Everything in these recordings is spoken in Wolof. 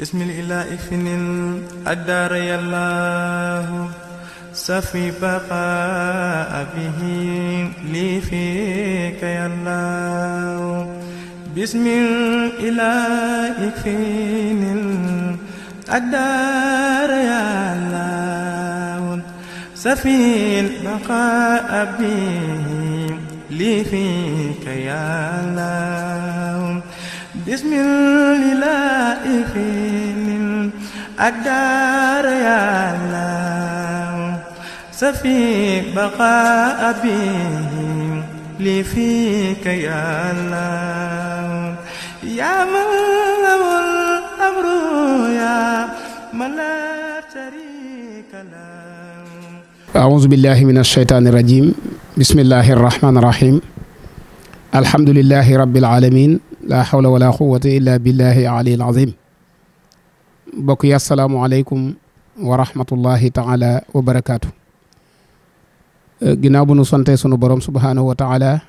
بسم الإله الأدار يا الله سفي بقاء به لي فيك يا الله بسم الإله الأدار يا الله سفي البقاء به لي فيك يا الله bismillahi finin الدار يا الله سفي بقاء به لي فيك يا الله يا من له الأمر يا من لا شريك له أعوذ بالله من الشيطان الرجيم بسم الله الرحمن الرحيم الحمد لله رب العالمين laa xawla wala quwata illa billahi alil azim mbokk yi asalaamualeykum wa rahmatullahi taala wa barakaatu ginnaaw bu nu sante sunu borom subhaanahu wa taala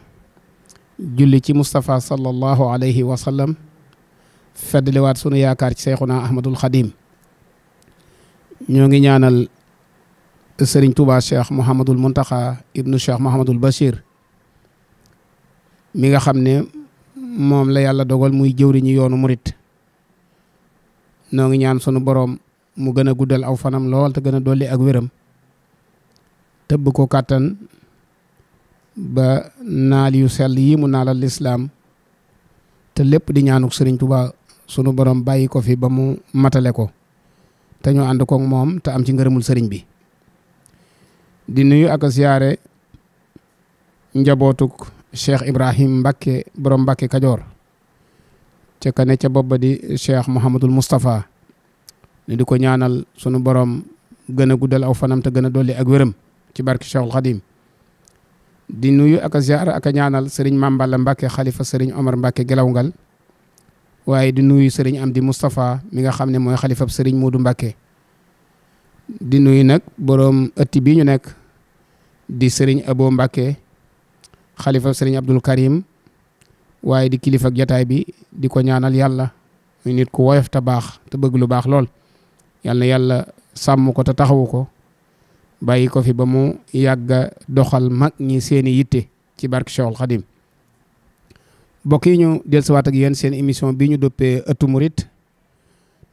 julli ci mustafa sallallahu alayhi wa sallam feddliwaat sunu yaakaar ci Seyxuna Ahmadul Xadim ñoo ngi ñaanal sëriñ Touba Cheikh Mouhamadul Mountakha ibnu Cheikh Mouhamadul Bachir mi nga xam ne moom la yàlla dogal muy jëwriñu yoonu murit noo ngi ñaan sunu boroom mu gën a guddal aw fanam lool te gën a dolli ak wéram tëbb ko kàttan ba naal yu sell yi mu naalal lislaam te lépp di ñaanuk sëriñ Tuubaa sunu boroom bàyyi ko fi ba mu matale ko te ñu ànd koog moom te am ci ngërëmul sëriñ bi di nuyu ak a njabootuk cheikh Ibrahim Mbacke borom Mbacke Kajoor ca ka ca bopp ba di cheikh Mouhamadul Moustapha ne di ko ñaanal sunu borom gëna a guddal aw fanam te gën a dolli ak wéram ci barke Cheikhul Khadim di nuyu ak a ziar ak a ñaanal sëriñ Mamballa Mbacke xalifa sëriñ Omar Mbacke Gelawngal waaye di nuyu am di Moustapha mi nga xam ne mooy xalifab sëriñ Modou Mbacke. di nuyu nag borom ëtti bii ñu nekk di sëriñ Abo Mbacke. xalifa sëriñ Abdul Karim waaye di kilifa ak bi di ko ñaanal yàlla muy nit ku woyof te baax te bëgg lu baax lool yàlla yàlla sàmm ko te taxawu ko bàyyi ko fi ba mu yàgga doxal mag ñi seeni yitte ci barke Cheikhul Khadim mbokk yi ñu dellusiwaat ak seen émission bi ñu doppee ëttu murit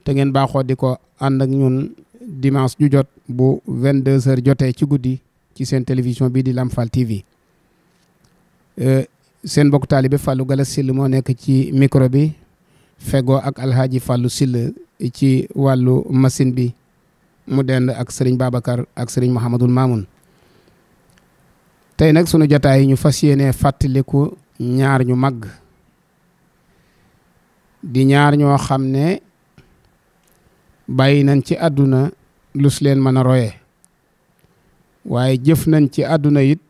te ngeen baaxoo di ko ànd ak ñun dimanche ju jot bu 22h jotee ci guddi ci seen télévision bii di Lamfal TV. Euh, seen mbokk taalibe Fallou Galass Syll moo nekk ci micro bi fegoo ak alhaaji Fallou Syll ci wàllu machine bi mu dend ak sëriñ Babacar ak sëriñ Mouhamadul Mamoun tey nag sunu jotaay ñu fas yéene fàttaliku ñaar ñu màgg di ñaar ñoo xam ne bàyyi nañ ci àdduna lus leen mën a roye waaye jëf nañ ci àdduna it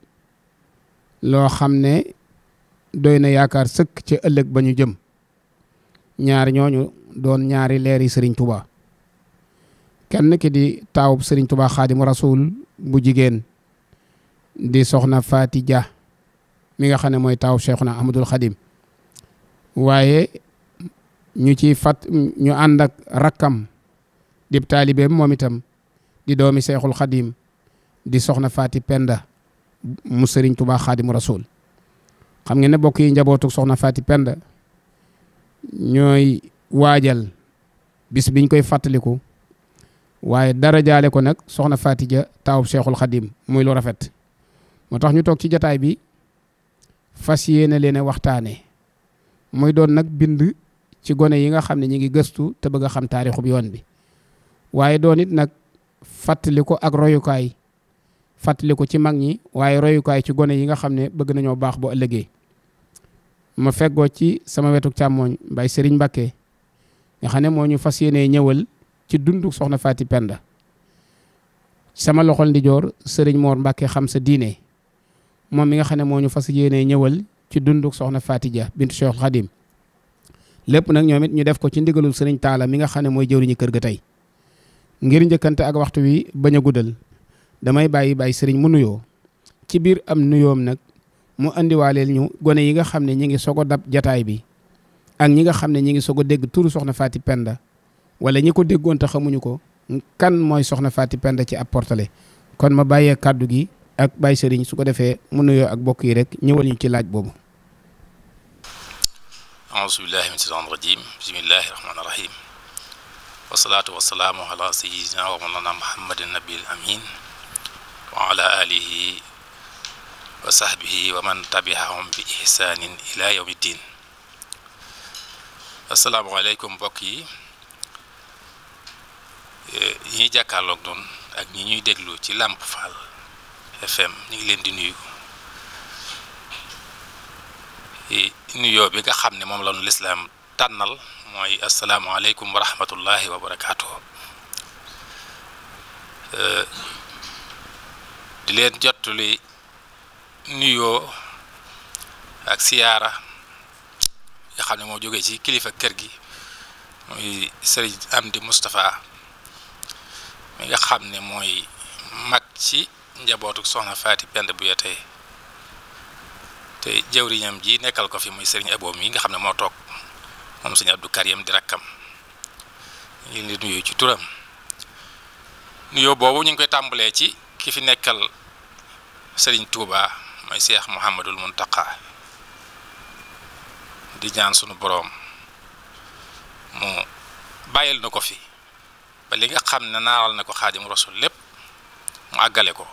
loo xam ne doy na yaakaar sëkk ci ëllëg ba ñu jëm ñaar ñooñu doon ñaari leeri sëriñ tubaa kenn ki di taawub sëriñ Touba xaadim rasul bu jigéen di soxna Faati ja mi nga xam ne mooy taawub Cheikhuna Ahmadul Xadim waaye ñu ciy fat ñu ànd ak rakkam di taalibeem moom itam di doomi Cheikhul Xadim di soxna Faati Penda mu sëriñ Tuubaa Xaadimu Rasuul xam ngeen ne bokk yi njabootu soxna Faati pend ñooy waajal bis biñ koy fàttaliku waaye dara jaale ko nag soxna Faati ja taawub Seexul Xadim muy lu rafet moo tax ñu toog ci jataay bi fas yéene leen a waxtaane muy doon nag bind ci gone yi nga xam ne ñi ngi gëstu te bëgg a xam taarixub yoon bi waaye doon nag fàttali ak royukaay ko ci mag ñi waaye royukaay ci gone yi nga xam ne bëgg nañoo baax boo ëllëgee ma feggoo ci sama wetuk càmmooñ mbay sëriñ Mbacké nga xam ne moo ñu fas yéenee ñëwal ci dundu soxna faati Penda sama loxol ndijoor Serigne Mor Mbacké xam sa diine moom mi nga xam ne moo ñu fas yéenee ñëwal ci dundu soxna Faty Dia bintu Cheikh Khadim lépp nag ñoom it ñu def ko ci ndigalul sëriñ Taala mi nga xam ne mooy jëwriñu kër ga tey ngir njëkkante ak waxtu wi bañ a damay bàyyi bàyyi sëriñ mu nuyoo ci biir am nuyoom nag mu indiwaaleel ñu gone yi nga xam ne ñi ngi soog a dab jataay bi ak ñi nga xam ne ñi ngi soog a dégg turu soxna Faati Penda wala ñi ko déggoon te xamuñu ko kan mooy soxna Faati Penda ci ab kon ma bàyyee kàddu gi ak bàyyi sëriñ su ko defee mu nuyoo ak bokk yi rek ñëwal ñu ci laaj boobu aousu billahi min shaytaan rajim bismillahi rahmaani rahim wasalaatu wasalaamu ala wa ala wa sahbihi wa man tabiahum bi ihsaanin ila yawmi ddin asalaamaaleykum mbokk yi eh, ñi ñuy jàkkaarloog doon ak ñi ñuy déglu ci Lamp Fall FM ñu ngi leen di nuyu nuyoo bi nga xam ne moom la nu lislaam tànnal mooy asalaamaaleykum wa rahmatullahi wa barakaatu. Eh, di leen jottali nuyoo ak siyaara nga xam ne moo jóge ci kilifa kër gi muy sëriñ Amdi Moustapha mi nga xam ne mooy mag ci njabootu soxna Faati Pend bu ya tey te jëwriñam ji nekkal ko fi muy sëriñ Abo yi nga xam ne moo toog moom sëriñ Abdou Karim di rakkam ñu ngi nuyu ci turam nuyoo boobu ñu ngi koy tàmbalee ci ki fi nekkal sëriñ Touba mooy seex Muhammadul Muntaqa di ñaan sunu boroom mu bàyyil na ko fi ba li nga xam ne naaral na ko xaadim rasul lépp mu àggale ko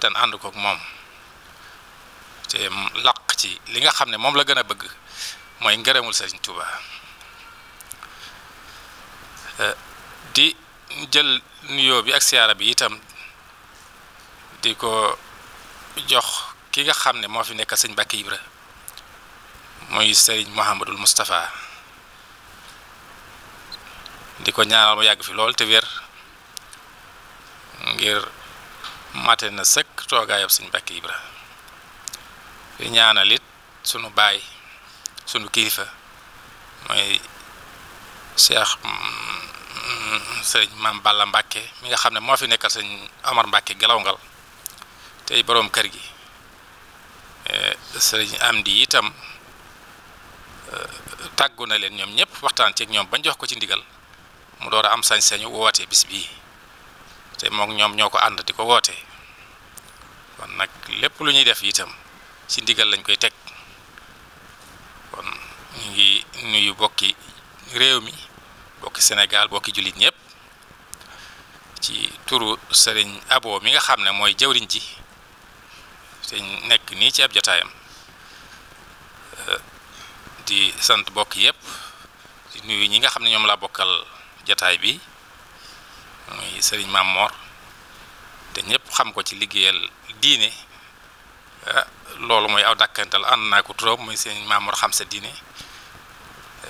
te ànd kook moom te làq ci li nga xam ne moom la gën a bëgg mooy ngërëmul sëriñ Touba eh, di jël nuyoo bi ak siyaara bi itam di ko jox ki nga xam ne moo fi nekk sëñ Mbàkke Ibra muy sëriñ Mouhamadul Moustapha di ko ñaanal mu yàgg fi lool te wér ngir mate na sëkk toogaayam sëñ Mbàkke Ibra di ñaanal it sunu baay sunu kilifa mooy Cheikh mm, sëriñ Maam Balla Mbàkke mi nga xam ne moo fi nekkal sëñ Amar Mbàkke Gelawngal tey boroom kër gi eh, sëriñ Amdi itam eh, tàggu na leen ñoom ñëpp waxtaan ceeg ñoom bañ jox ko ci ndigal mu door a am sañ-sañu woote bis bii te mook ñoom ñoo ko ànd di ko woote kon nag lépp lu ñuy def itam ci ndigal lañ koy teg kon ñu ngi nuyu bokki réew mi bokki Sénégal bokki jullit ñëpp ci turu sëriñ Abo mi nga xam ne mooy jëwriñ ji te nekk nii ci ab jataayam euh, di sant bokk yépp di nuyu ñi nga xam ne ñoom laa bokkal jataay bi muy sëriñ Maam te ñépp xam ko ci liggéeyal diine euh, loolu mooy aw dàkkantal ànd naa ko turam muy sëriñ Maam xam sa diine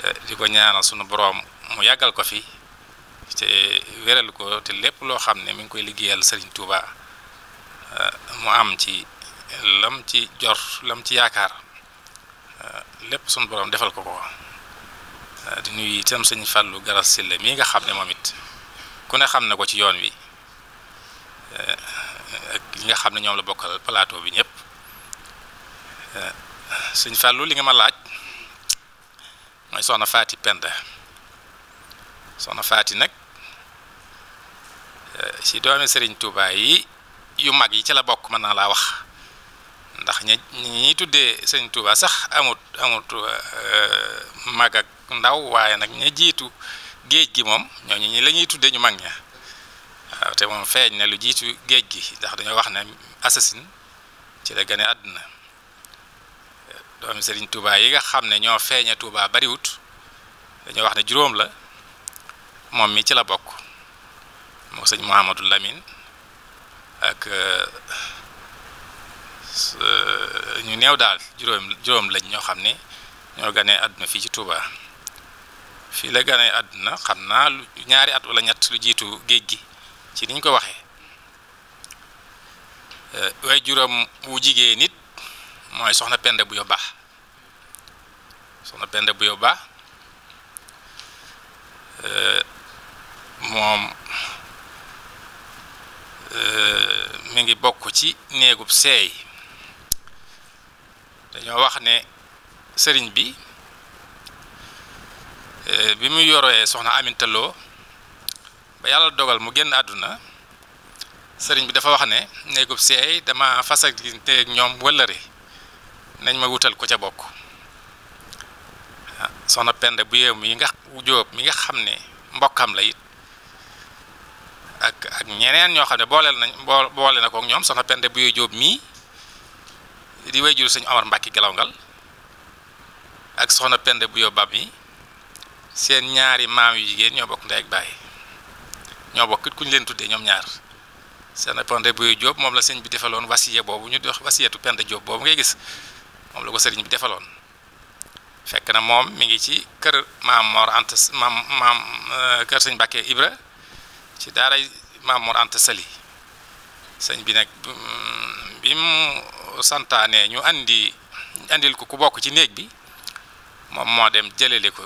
euh, di ko ñaanal sunu boroom mu yàggal ko fi te weral ko te lépp loo xam ne mi ngi koy liggéeyal sëriñ Touba mu am ci lam ci jor lam ci yaakaar eh, lépp suñ boroom defal ko ko eh, di nuyu itam sëñ fàllu Garas Silla mii nga xam ne moom it ku ne xam na ko ci yoon wi eh, ak li nga xam ne ñoom la bokkal plateau bi ñëpp sëñ fàllu li nga ma laaj mooy soxna Faati Penda soxna Faati nag ci doomi Serigne Touba yi yu mag yi ci la bokk mën naa laa wax. ndax ñi ñi tuddee sëñ Touba sax amut amut euh, mag ak ndaw waaye nag ña jiitu géej gi moom ñooñu ñi la ñuy tuddee ñu mag ña waaw te moom feeñ na lu jiitu géej gi ndax dañoo wax ne assasine ci la gane àdduna doomi sëriñ Touba yi nga xam ne ñoo feeña Touba bariwut dañoo wax ne juróom la moom mi ci la bokk moo sëñ Mouhamadou Lamine ak euh, Euh, ñu néew daal juróom juróom lañ ñoo xam ne ñoo ganee àdduna fii ci Touba fii la ganee àdduna xam naa lu ñaari at wala ñett lu jiitu géej gi ci niñ ko waxe euh, way juróom wu jigéen nit mooy soxna Penda bu yóbbaax soxna Penda bu yóbbaax euh, moom mu ngi bokk ci néegub seey dañoo wax ne sëriñ bi eh, bi mu yoree soxna Aminta ba yàlla dogal mu génn àdduna sëriñ bi dafa wax ne néegub seey dama fas ak ñoom wëllëre nañ ma wutal ko ca bokk ah, soxna Penda bu mu mi nga jóob mi nga xam ne mbokkam la it ak ak ñeneen ñoo xam ne booleel nañ boole na ko ak ñoom soxna Penda bu yeew jóob mii di way jur sëñ Omar Mbàkke Galawngal ak soxna Penda bu yóbbaam yi seen ñaari maam yu jigéen ñoo bokk ndey ak baay ñoo bokk it ku ñu leen tuddee ñoom ñaar seen Penda bu Jóob moom la sëñ bi defaloon wasiye boobu ñu di wax wasiyetu Penda Jóob boobu ngay gis moom la ko sëriñ bi defaloon fekk na moom mi ngi ci kër maam Mor Anta maam maam euh, Ibra ci daaray maam Mor bi nag mm, bi santaane ñu andi indil ko ku bokk ci néeg bi moom moo dem jëleli ko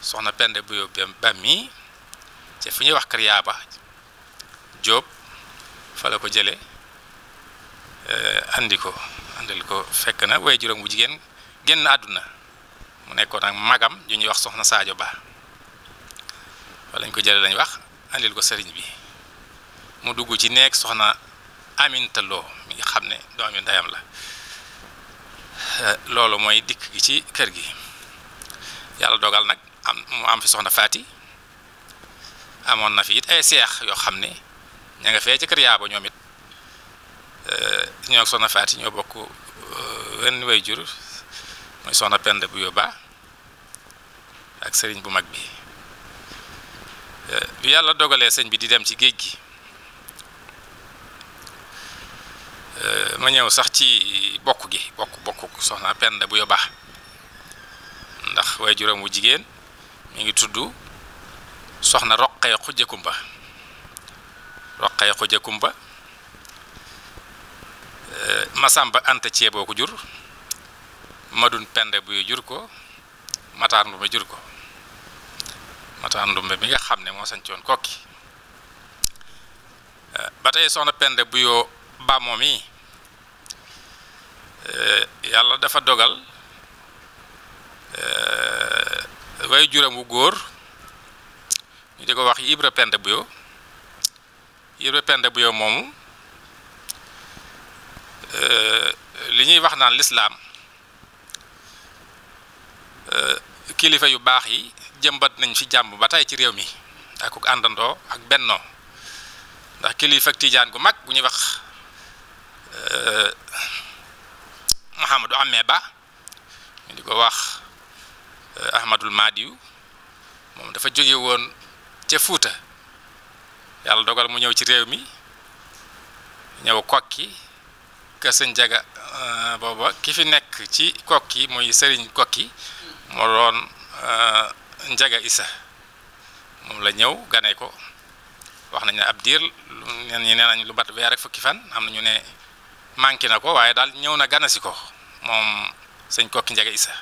soxna pende bu yóbbu ba mi ci fi ñuy wax kër yaaba Jóob fa la ko jële indi eh, ko andil ko fekk na waaye juróom bu jigéen génn àdduna mu nekkoon ak magam yu ñuy wax soxna Saajo Ba fa lañ ko jële lañ wax andil ko sëriñ bi mu dugg ci néeg soxna Aminta Lo mi nga xam ne doomi ndeyam la eh, loolu mooy dikk gi ci kër gi yàlla dogal nag am mu am fi soxna Faati amoon na fi it ay seex yoo xam ne ña nga fee ci kër yaabo ñoom it eh, ñoo soxna Faati ñoo bokk eh, wenn way jur mooy soxna Penda bu yóbba ak sëriñ bu mag bi bi yàlla dogalee sëñ bi di dem ci géej gi ma ñëw sax ci bokk gi bokk bokk soxna Penda bu yóbbaax ndax way juróom wu jigéen mu ngi tudd soxna roqee xujje kumba roqee xujje kumba euh, masamba anta cee ko jur madun penda buy jur ko mataar ndumbe jur ko mataar ndumbe mi nga xam ne moo sañcoon kokki euh, ba tey soxna penda buyoo baa Eh, yàlla dafa dogal eh, way juram wu góor ñu di ko wax Ibra Penda Buyo Ibra Penda Buyo moomu eh, li ñuy wax naan lislaam kilifa yu baax yi jëmbat nañ ci jàmb ba tey ci réew mi ak àndandoo ak bennoo ndax kilifa ak tiijaan gu mag bu ñuy wax Mouhamadou Amé Ba ñu di ko wax euh, Ahmadul Madiou moom dafa jóge woon ca Fuuta yàlla dogal mu ñëw ci réew mi ñëw kokki ka sëñ jaga euh, booba ki fi nekk ci kokki muy sëriñ kokki moo doon euh, njaga isa moom la ñëw gane ko wax nañ ne ab diir ñu nañ lu bat weer ak fukki fan am na ñu ne manqué na ko waaye daal ñëw na ganasi ko moom sëñ Kokki Njaga Isa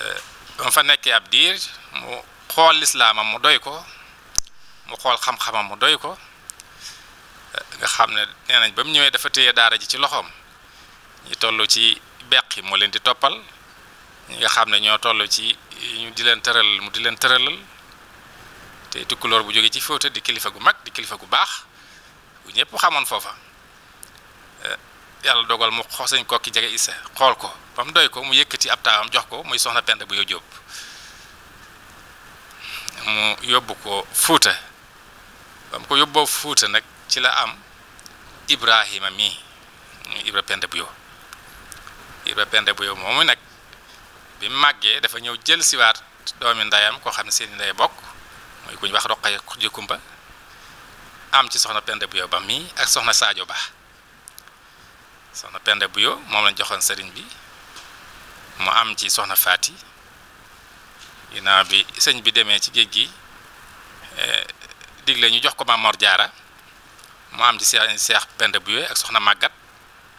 euh, ba fa nekkee ab diir mu xool lislaamam mu doy ko mu xool xam-xamam mu doy ko euh, nga xam ne nee nañ ba mu ñëwee dafa téye daara ji ci loxoom ñu toll ci beqi moo leen di toppal ñu nga xam ne ñoo toll ci ñu di leen tëralal mu di leen tëralal te tukkuloor bu jóge ci Fouta di kilifa gu mag di kilifa gu baax bu ñëpp xamoon foofa yàlla dogal mu xosañ kokki jege isa xool ko ba mu doy ko mu yëkkati ab taawam jox ko muy soxna pend bu yo jóob ko fuuta ba mu nag ci la am ibrahima mii muy ibra pend bu yo ibra pend moomu nag bi màggee dafa ñëw jël siwaat doomi ndayam koo xam ne seeni nday bokk muy ku ñu wax roqay ji kumba am ci soxna pend bu yo ba mii ak soxna saajo ba soxna Penda Buyo moom lañ joxoon sëriñ bi mu am ci soxna Faati ginnaaw bi sëñ bi demee ci géej gi eh, digle ñu jox ko maam Mor Jaara mu am ci seex seex Penda Buyo ak soxna Màggat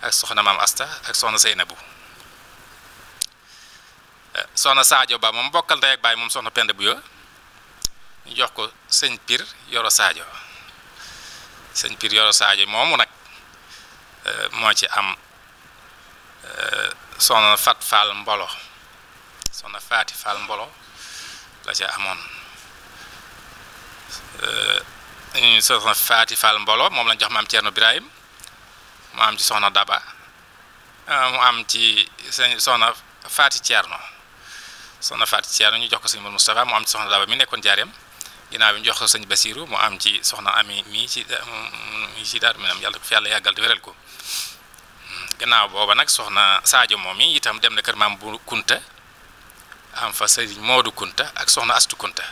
ak soxna maam Asta ak soxna bu eh, soxna Sadio Ba moom bokkal ndey ak baay moom soxna Penda Buyo ñu jox ko sëñ Pir Yoro saajo sëñ Pir Yoro Sadio moomu nag. Euh, moo ci am euh, soxna Fat Fall Mbolo soxna Faati Fall Mbolo la ca amoon euh, soxna Faati Fall Mbolo moom lañ jox maam Thierno Birahim mu am ci soxna Daba mu am ci sëñ soxna Faati Thierno soxna Faati Thierno ñu jox ko sëñ Moustapha mu am ci soxna Daba mi nekkoon jaareem ginnaaw bi ñu jox ko sëñ Basiru mu am ci soxna Ami mii ci mii ci daal mi am yàlla ko fi yàlla yàggal di wéral ko gannaaw booba nag soxna Sadio moom yi itam dem na kër maam bu Kunta am fa sëñ Modou Kunta ak soxna Astu Kunta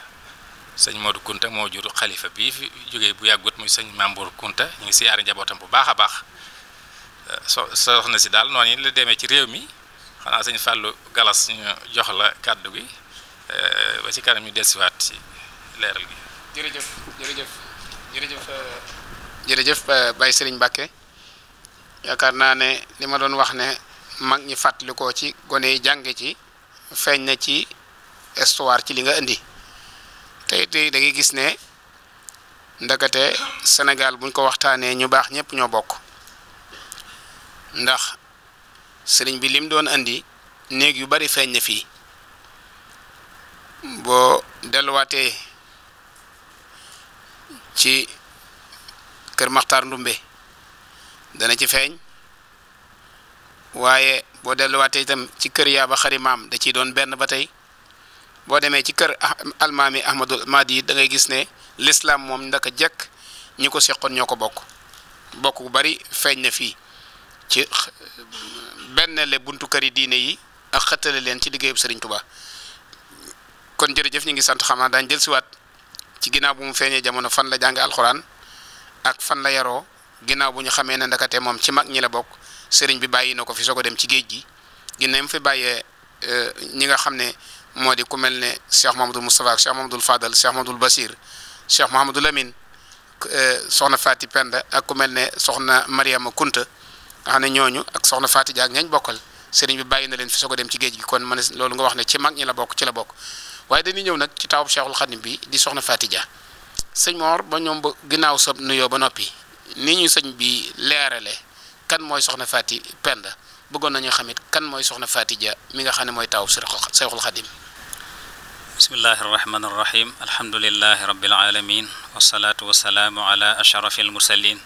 sëñ Modou Kunta moo jur xalifa bii fi jógee bu yàggut muy sëñ Mambour Kunta ñu ngi siyaari njabootam bu baax a baax so soxna si daal noonu la demee ci réew mi xanaa sëñ Fallou Galas ñu jox la kàddu gi eh, ba ci kanam ñu dellusiwaat ci leeral gi. jërëjëf jërëjëf jërëjëf eh, jërëjëf eh, Baye Serigne Mbacké. yaakaar naa ne li ma doon wax ne mag ñi ko ci gone yi jànge ci feeñ na ci histoire ci li nga indi tey tey da gis ne ndakate Sénégal buñ ko waxtaanee ñu baax ñëpp ñoo bokk ndax sëriñ bi lim doon indi néeg yu bari feeñ na fii boo delluwaatee ci kër Maxtaar Ndumbe dana ci feeñ waaye boo delluwaatee itam ci kër yaa ba xari maam da ciy doon benn ba tey boo demee ci kër ah, almaami Ahmadul Mahdi da ngay gis ne lislaam moom ndaka jekk ñi ko seqoon ñoo ko bokk bokk bu bari feeñ na fii ci benn buntu kër yi diine yi ak xëttale leen ci liggéeyub sëriñ Touba kon jërëjëf ñu ngi sant xam naa daañu jël siwaat ci ginnaaw bu mu feeñee jamono fan la jàng alxuraan ak fan la yaroo ginnaaw bu ñu xamee ne ndakate moom ci mag ñi la bokk sëriñ bi bàyyi na ko fi soog dem ci géej gi ginnaaw mu fi bàyyee euh, ñi nga xam ne moo di ku mel ne Cheikh Mahamadul Moustapha ak Cheikh Mahamadul Fadal Cheikh Mahamadul Basir Cheikh Mahamadul Amin euh, soxna Fati Penda ak ku mel ne soxna Mariama Kunta nga xam ne ñooñu ak soxna Fati Dia ak bokkal sëriñ bi bàyyi na leen fi soog dem ci géej gi kon man loolu nga wax ne ci mag ñi la bokk ci la bokk waaye dañuy ñëw nag ci tawub Cheikhul Khadim bi di soxna Fati Dia sëñ Mor ba ñoom ba ginnaaw sa nuyoo ba noppi ni ñu sëñ bi leerale kan mooy soxna Faati Penda bëggoon nañu xam it kan mooy soxna Faati Ja mi nga xam ne mooy taawu Seexul Xadim bismillahi arrahmani irrahim alhamdulilahi rabilalamin wasalaatu wasalaamu ala ashrafi almursalin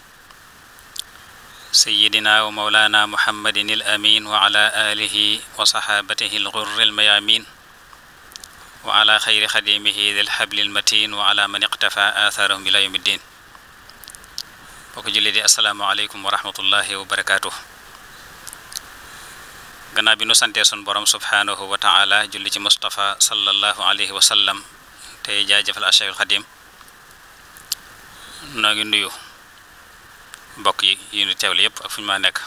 sayidina wa maulana muhammadin alamin wa ala alihi wa saxaabatihi algurri almayamin wa ala xayri xadimihi dilxabli almatin wa ala man iqtafa atharahum ila yawmi ddin boo ko jullee di asalaamaaleykum wa rahmatullahi wa barakaatu. bi nu santee sun borom subhaanahu wa julli ci Moustapha sallallahu alayhi wa sallam tey jaajëfal Cheikhul Xadim noo ngi nuyu mbokk yi yu ñu teewle nekk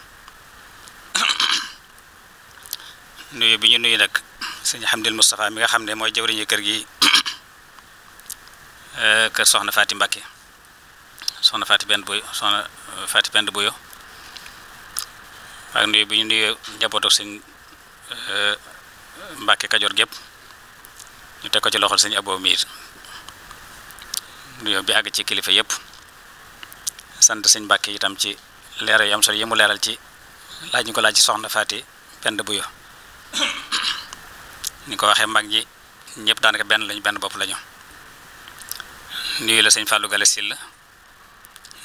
nuyu bi ñu nuyu nag sëñ Hamdil Moustapha mi nga xam ne mooy jëwriñu kër gi eh, kër soxna Faati Mbakke soxna Faati benn Buyo soxna euh, Faati Pend Buyo ak nuyu bi ñu nuyu njabootu sëñ euh, Mbàkke Kajoor gépp ñu teg ko ci loxol sëñ Abo Miir nuyu bi àgg ci kilifa yëpp sant sëñ Mbàkke itam ci leer yu am solo yi leeral ci laaj ñu ko laaj ci soxna Faati Pend Buyo ni ko waxee mag ñi ñëpp daanaka benn lañu benn bopp lañu nuyu la sëñ Fallou Gale Sylla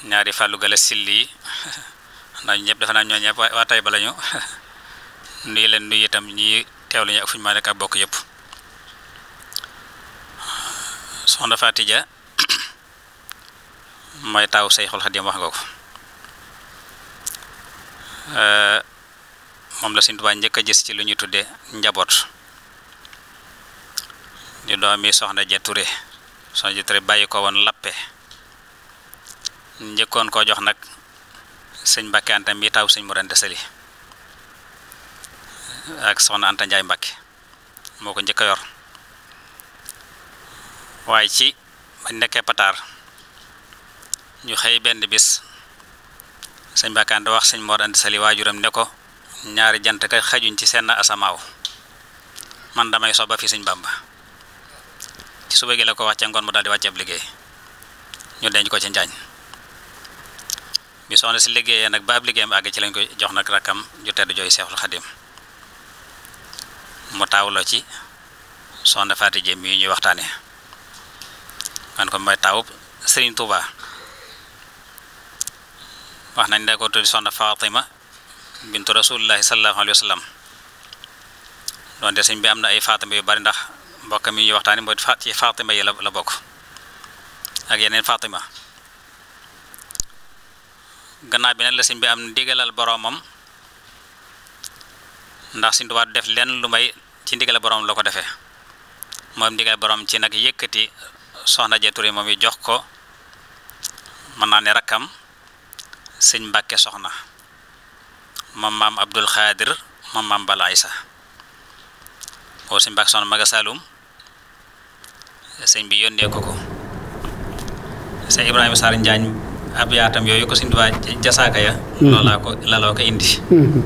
ñaari fàllu gala silli naa ñu ñëpp defe naa ñoo ñëpp waa tay ba la ñu nuyu leen nuyu itam ñi teew la ñu ak fu ñu maa bokk yépp soxna Faty Dia mooy taaw Seyxul Xadim wax nga ko euh, moom la Sëñ Tuubaa njëkk a gis ci lu ñuy tudde njaboot di doomi soxna ja Touré soxna ja Touré bàyyi ko woon lappe njëkkoon koo jox nag sëñ Mbàkke Anta mi taw sëñ Mor Anta ak soxna Anta Njaay Mbàkke moo ko njëkk a yor waaye ci bañ nekkee pataar ñu xëy benn bis sëñ Mbàkke Anta wax sañ Mor Anta Sali waajuram ne ko ñaari jant ka xajuñ ci seen asamaaw man damay sooba fi sëñ Bàmba ci suba gi la ko wax ca ngoon mu daal di wàcce ab liggéey ñu ko ci njaañ soxna si liggéeyee nag ba ab liggéeyam àgg ci lañ koy jox nag rakkam ju tedd jooy Seexul Xadim mu taawloo ci soxna Faati Jéem yi ñuy waxtaane man ko wax nañ da ko tuddi soxna Faatima bintu Rasuulullaahi sallallaahu alayhi wa doon de bi am na ay Faatima yu bari ndax mbokk mi ñuy waxtaane mooy ci Faatima yi la la bokk ak yeneen Faatima gannaaw bi nag la sëñ bi am ndigalal boroomam ndax sëñ Tuubaa def lenn lu may ci ndigal boroom la ko defee moom ndigal boroom ci nag yëkkati soxna Dia Touré moom yi jox ko mën naa ne rakkam sëñ Mbàkke soxna moom maam Abdul Xaadir moom maam Bala Aysa boobu sëñ Mbàkke soxna maga Saalum sëñ bi yónnee ko ko sëñ Ibrahima Sarr Njaañ abiyaatam yooyu ko Sëñ jasaaka ya mhm. loolaa ko laloo ko indi mhm.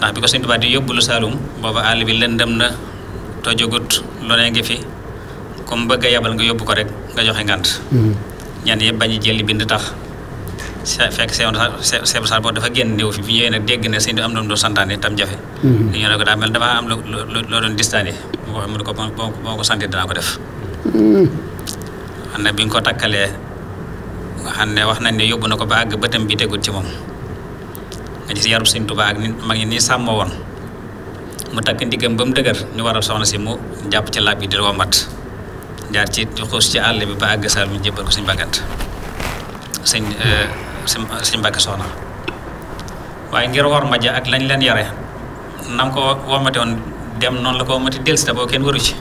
ndax bi ko Sëñ Tuubaa di yóbbulu Saalum booba àll bi lëndëm na tojogut lu ne ngi fi comme bëgg yabal nga yóbbu ko rek nga joxe ngant mhm. ñaan yëpp bañu jëli bind tax fekk seeb saar boo dafa génn néew fi bi ñëwee nag dégg na sëñ bi am doon doon santaane tam jafe li ñu ne ko daa mel dafa am loo doon distaane mu ne ko boo ko santee danaa ko def xam ne bi nga ko takkalee nga xam ne wax nañ ne yóbbu na ko ba àgg bëtam bi tegut ci moom nga gis yarub Sëñ Tuubaa ak mag ñi nii sàmmoo woon mu takk ndiggam ba dëgër ñu war a soxna si mu jàpp ci laab yi di wombat jaar ci xuus ci àll bi ba àgg saal mu jébbal ko Sëñ Mbàkkant sëñ eh, Sëñ waaye ngir worma ja ak lañ leen yare nam ko womate woon dem noonu la ko womate delsi ta boo kenn waru ci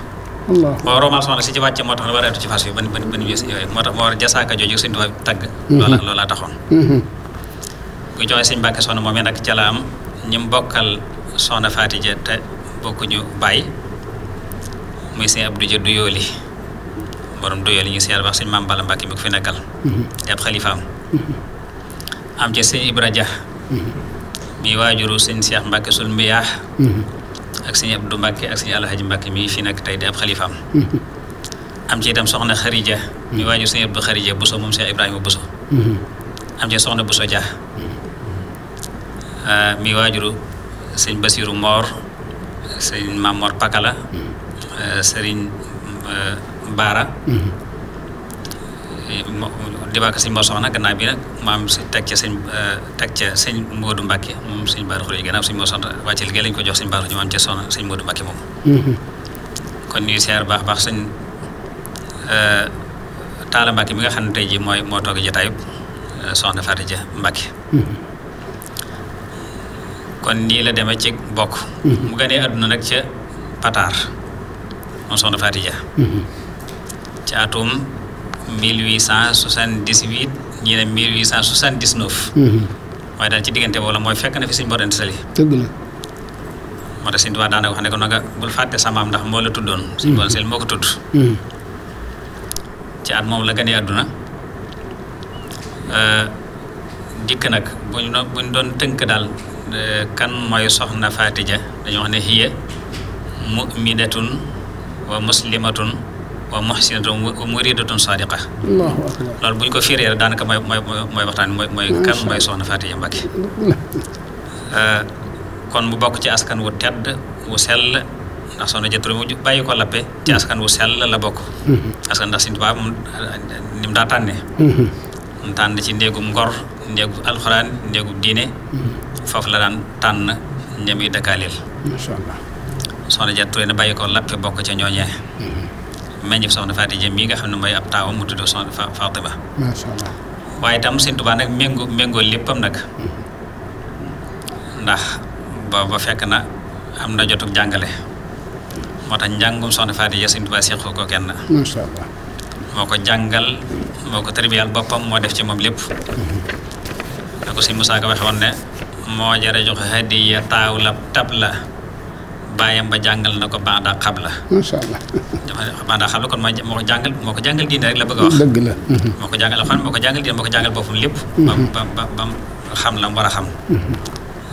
moo romal soxna si ci wàcce moo tax ne wareetu ci fas yu ban ban ban yooyu moo tax moo war jasaaka jooju sëñ Tuubaa tagg mhm. loola loolaa taxoon mhm. bu joxee sëñ Mbàkke soxna moom nag ca la am ñi mu bokkal soxna Faatija te bokkuñu bàyyi muy sëñ Abdou Dia Duyooli borom Duyooli ñu seer wax sëñ Maam Balla Mbàkke mi ko fi nekkal mhm. ab xalifaam am ca sëñ Ibra Dia mi waajuru sëñ Seex Mbàkke sul mbiyaax ak sëñ du Mbacke ak sëñ Alhaji Mbacke mii fi nekk tey di ab xalifaam. am ci itam soxna Xarija. mi mm-hmm. waajur sëñ Abdou Xarija Bousso moom sëñ Ibrahima Bousso. Mm-hmm. am ci soxna Bousso Dia. Mm-hmm. Ah, mi waajuru sëñ Basiru Moor sëñ Mamor Pakala. Ah, sëriñ ah, Baara. Eh, di bàkk sëñ Mor Soxna gannaaw bi nag maam si teg eh, teg ca sëñ Modou Mbacke moom sëñ Baara Xuree gannaaw sëñ Mor Soxna wàcce liggéey lañ ko jox sëñ Baara moom kon ñuy siyaar baax baax sëñ eh, Taala Mbacke mi nga xam ne tey jii mooy moo toog jataayub eh, Soxna Fatou Dia Mbacke mm-hmm. kon nii la deme ci bokk mm-hmm. mu gënee àdduna nag ca Pataar moom Soxna Fatou Dia mm-hmm. atum 1878 ñii ne 1879. waaye mhm. daal ci diggante boobu la mooy fekk na fi suñ borom sali. dëgg la. moo tax suñu tubaab daanaka wax ne ko nag bul samaam ndax moo la tuddoon. suñu borom mhm. sali moo ko tudd. Mhm. ci at moom la gane àdduna euh, dikk nag bu ñu doon tënk daal euh, kan mooy soxna Faatija dañu wax ne hiya mu'minatun wa muslimatun wa muhsinatun wa muridatun sadiqa loolu bu ñu ko firee daanaka mooy mooy mooy waxtaan bi mooy mooy mooy soxna Faty Mbacké euh, kon mu bokk ci askan wu tedd wu sell ndax soxna jëturu mu ko lappe ci mm-hmm. la bokk mm-hmm. askan ndax Sëñ mm-hmm. ci ndéegum ngor ndéegu alxuraan ndéegu diine la daan tànn ñami soxna jëturu ne bàyyi ko lappe bokk ca ñooñee meññif soxna Faati Jëm mii nga xam ne mooy ab taawam mu tudd soxna Fatima. macha waaye itam Sëñ Tuubaa nag méngoo méngoo léppam nag. Mm-hmm. ndax booba fekk na am na jotug jàngale. moo tax njàngum soxna Faati Jëm Sëñ Tuubaa seqoo ko kenn. moo ko jàngal moo ko tarbiyal boppam moo def ci moom lépp. Mm-hmm. na ko sëñ Musaa Ka waxe ne moo jare jox hadiya taaw la tab la. baayam ba jàngal na ko baada xabla. la allah. baada xabla kon mooy moo ko jàngal moo ko jàngal diine rek la bëgg a wax. dëgg moo ko jàngal alxuraan moo ko jàngal diine moo ko jàngal boppam lépp. ba ba ba xam la mu war a xam.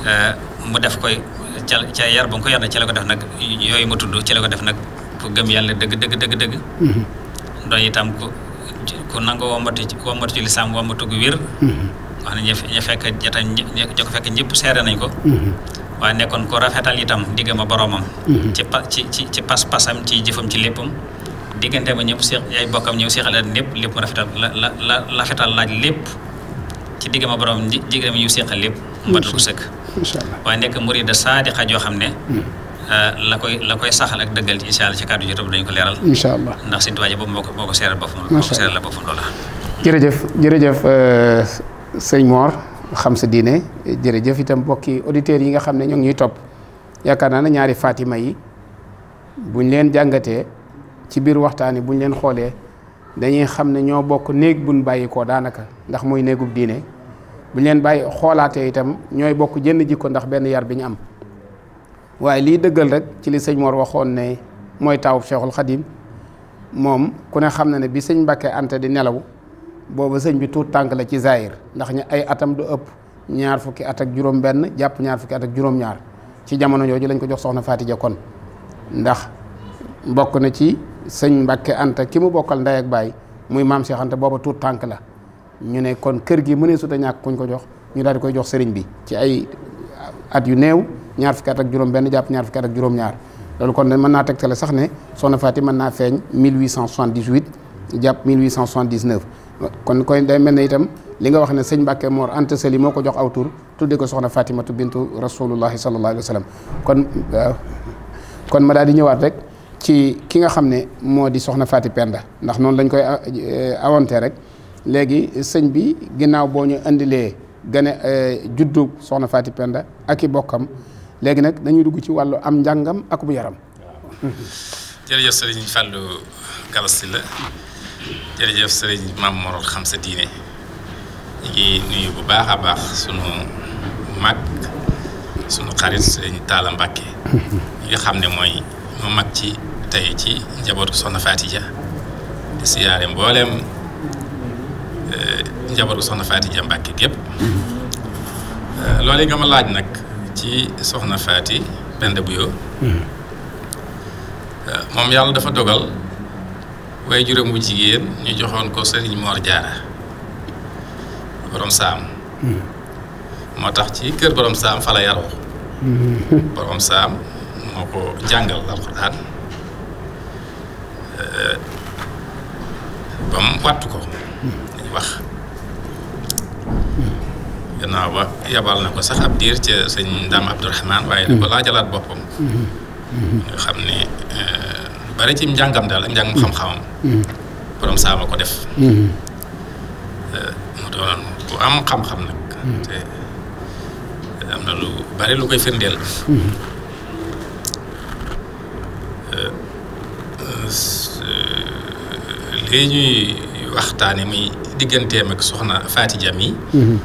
Eh, mu def koy ca ca yar ba nga ko yar na ci la ko def nag yooyu ma tudd ci la ko def nag ku gëm yàlla dëgg dëgg dëgg dëgg. doon itam ku ku nangoo wombatu wombatu ci lislaam wombatu gu wér. wax ne ña fekk jotaay ña ko fekk ñëpp seere nañ ko. waaye nekkoon ko rafetal itam diggam a boroomam mhm. ci pa ci ci ci pas-pasam ci jëfam ci léppam diggante a ñëpp seex ay bokkam ñëw seexal at lépp lépp mu rafetal la la laaj lépp ci diggam a boroomam diggam ñu seexal lépp mbatal ko sëkk waaye nekk murida saadiqa joo xam ne mhm. euh, la koy la koy saxal ak dëggal incha allah ci kàddu ji dañu ko leeral incha allah ndax Sëñ Tuubaa boobu moo ko ko seeral boppam moo ko seeral la boppam loola jërëjëf jërëjëf euh, sëñ Mor xam sa diine jërëjëf itam bokki auditeurs yi nga xam ne ñoo ngi ñuy topp yaakaar naa ne ñaari Fatima yi buñ leen jàngatee ci biir waxtaan yi buñ leen xoolee dañuy xam ne ñoo bokk néeg buñ bàyyi ko daanaka ndax mooy néegub diine buñ leen bàyyi xoolaatee itam ñooy bokk jënn jikko ndax benn yar bi ñu am waaye liy dëggal rek ci li sëñ Mor waxoon ne mooy taawub Cheikhul Khadim moom ku ne xam na ne bi sëñ Mbàkke Anta di nelaw booba sëñ bi tuut tànk la ci zaayir ndax ñu ay atam du ëpp ñaar fukki at ak juróom-benn jàpp ñaar fukki at ak juróom-ñaar ci jamono jooju lañ ko jox soxna Faati Ja kon ndax bokk na ci sëñ Mbàkke Anta ki mu bokkal ndey ak baay muy maam Cheikh Anta tuut tànk la ñu ne kon kër gi mënee sut a ñàkk kuñ ko jox ñu daal di koy jox sëriñ bi ci ay at yu néew ñaar fukki at ak juróom-benn jàpp ñaar fukki at ak juróom-ñaar loolu kon mën naa tegtale sax ne soxna Faati mën naa feeñ 1878 jàpp kon koy day mel ne itam li nga wax ne sëñ Mbàkke Mor Anta Sali moo ko jox aw tur tudde ko soxna matu bintu rasulullahi sallallahu alayhi wa sallam kon kon ma di ñëwaat rek ci ki nga xam ne moo di soxna Faati Penda ndax noonu lañ koy eh, awante rek léegi sëñ bi ginnaaw boo ñu indilee gane eh, juddu soxna Faati Penda ak i bokkam léegi nag dañuy dugg ci wàllu am njàngam ak bu yaram. jërëjëf sëriñ Fallou Galassi la. jërëjëf sëriñ Maam Mor xam sa diine ñu ngi nuyu bu baax a baax sunu mag sunu xarit sëriñ Talla Mbacke ñi nga xam ne mooy mu mag ci tey ci njabootu Soxna Faty Dia di siyaare mbooleem eh, njabootu Soxna Faty Dia Mbacke gépp eh, loolu yi nga ma laaj nag ci Soxna Faty Penda Bouyo hmm. eh, moom yàlla dafa dogal waaye juróom bu jigéen ñu joxoon ko Serigne Mor Diarra borom saam hmm. moo tax ci kër borom saam fa la yaroo hmm. borom saam moo ko jàngal alxuraan eh, ba mu wattu ko hmm. dañu wax gannaaw ba yabal na ko sax ab diir ca sëñ Ndam Abdourahman waaye ne ko laajalaat boppam nga xam ne eh, bare ci njàngam daal ak njàngam mm. xam-xamam. Mm. borom saa ma ko def. mu doon bu am xam-xam nag. Mm. te eh, am na lu bare lu koy firndeel. Eh, eh, lii ñuy waxtaane muy digganteem ak soxna Faati Jam yi mm-hmm.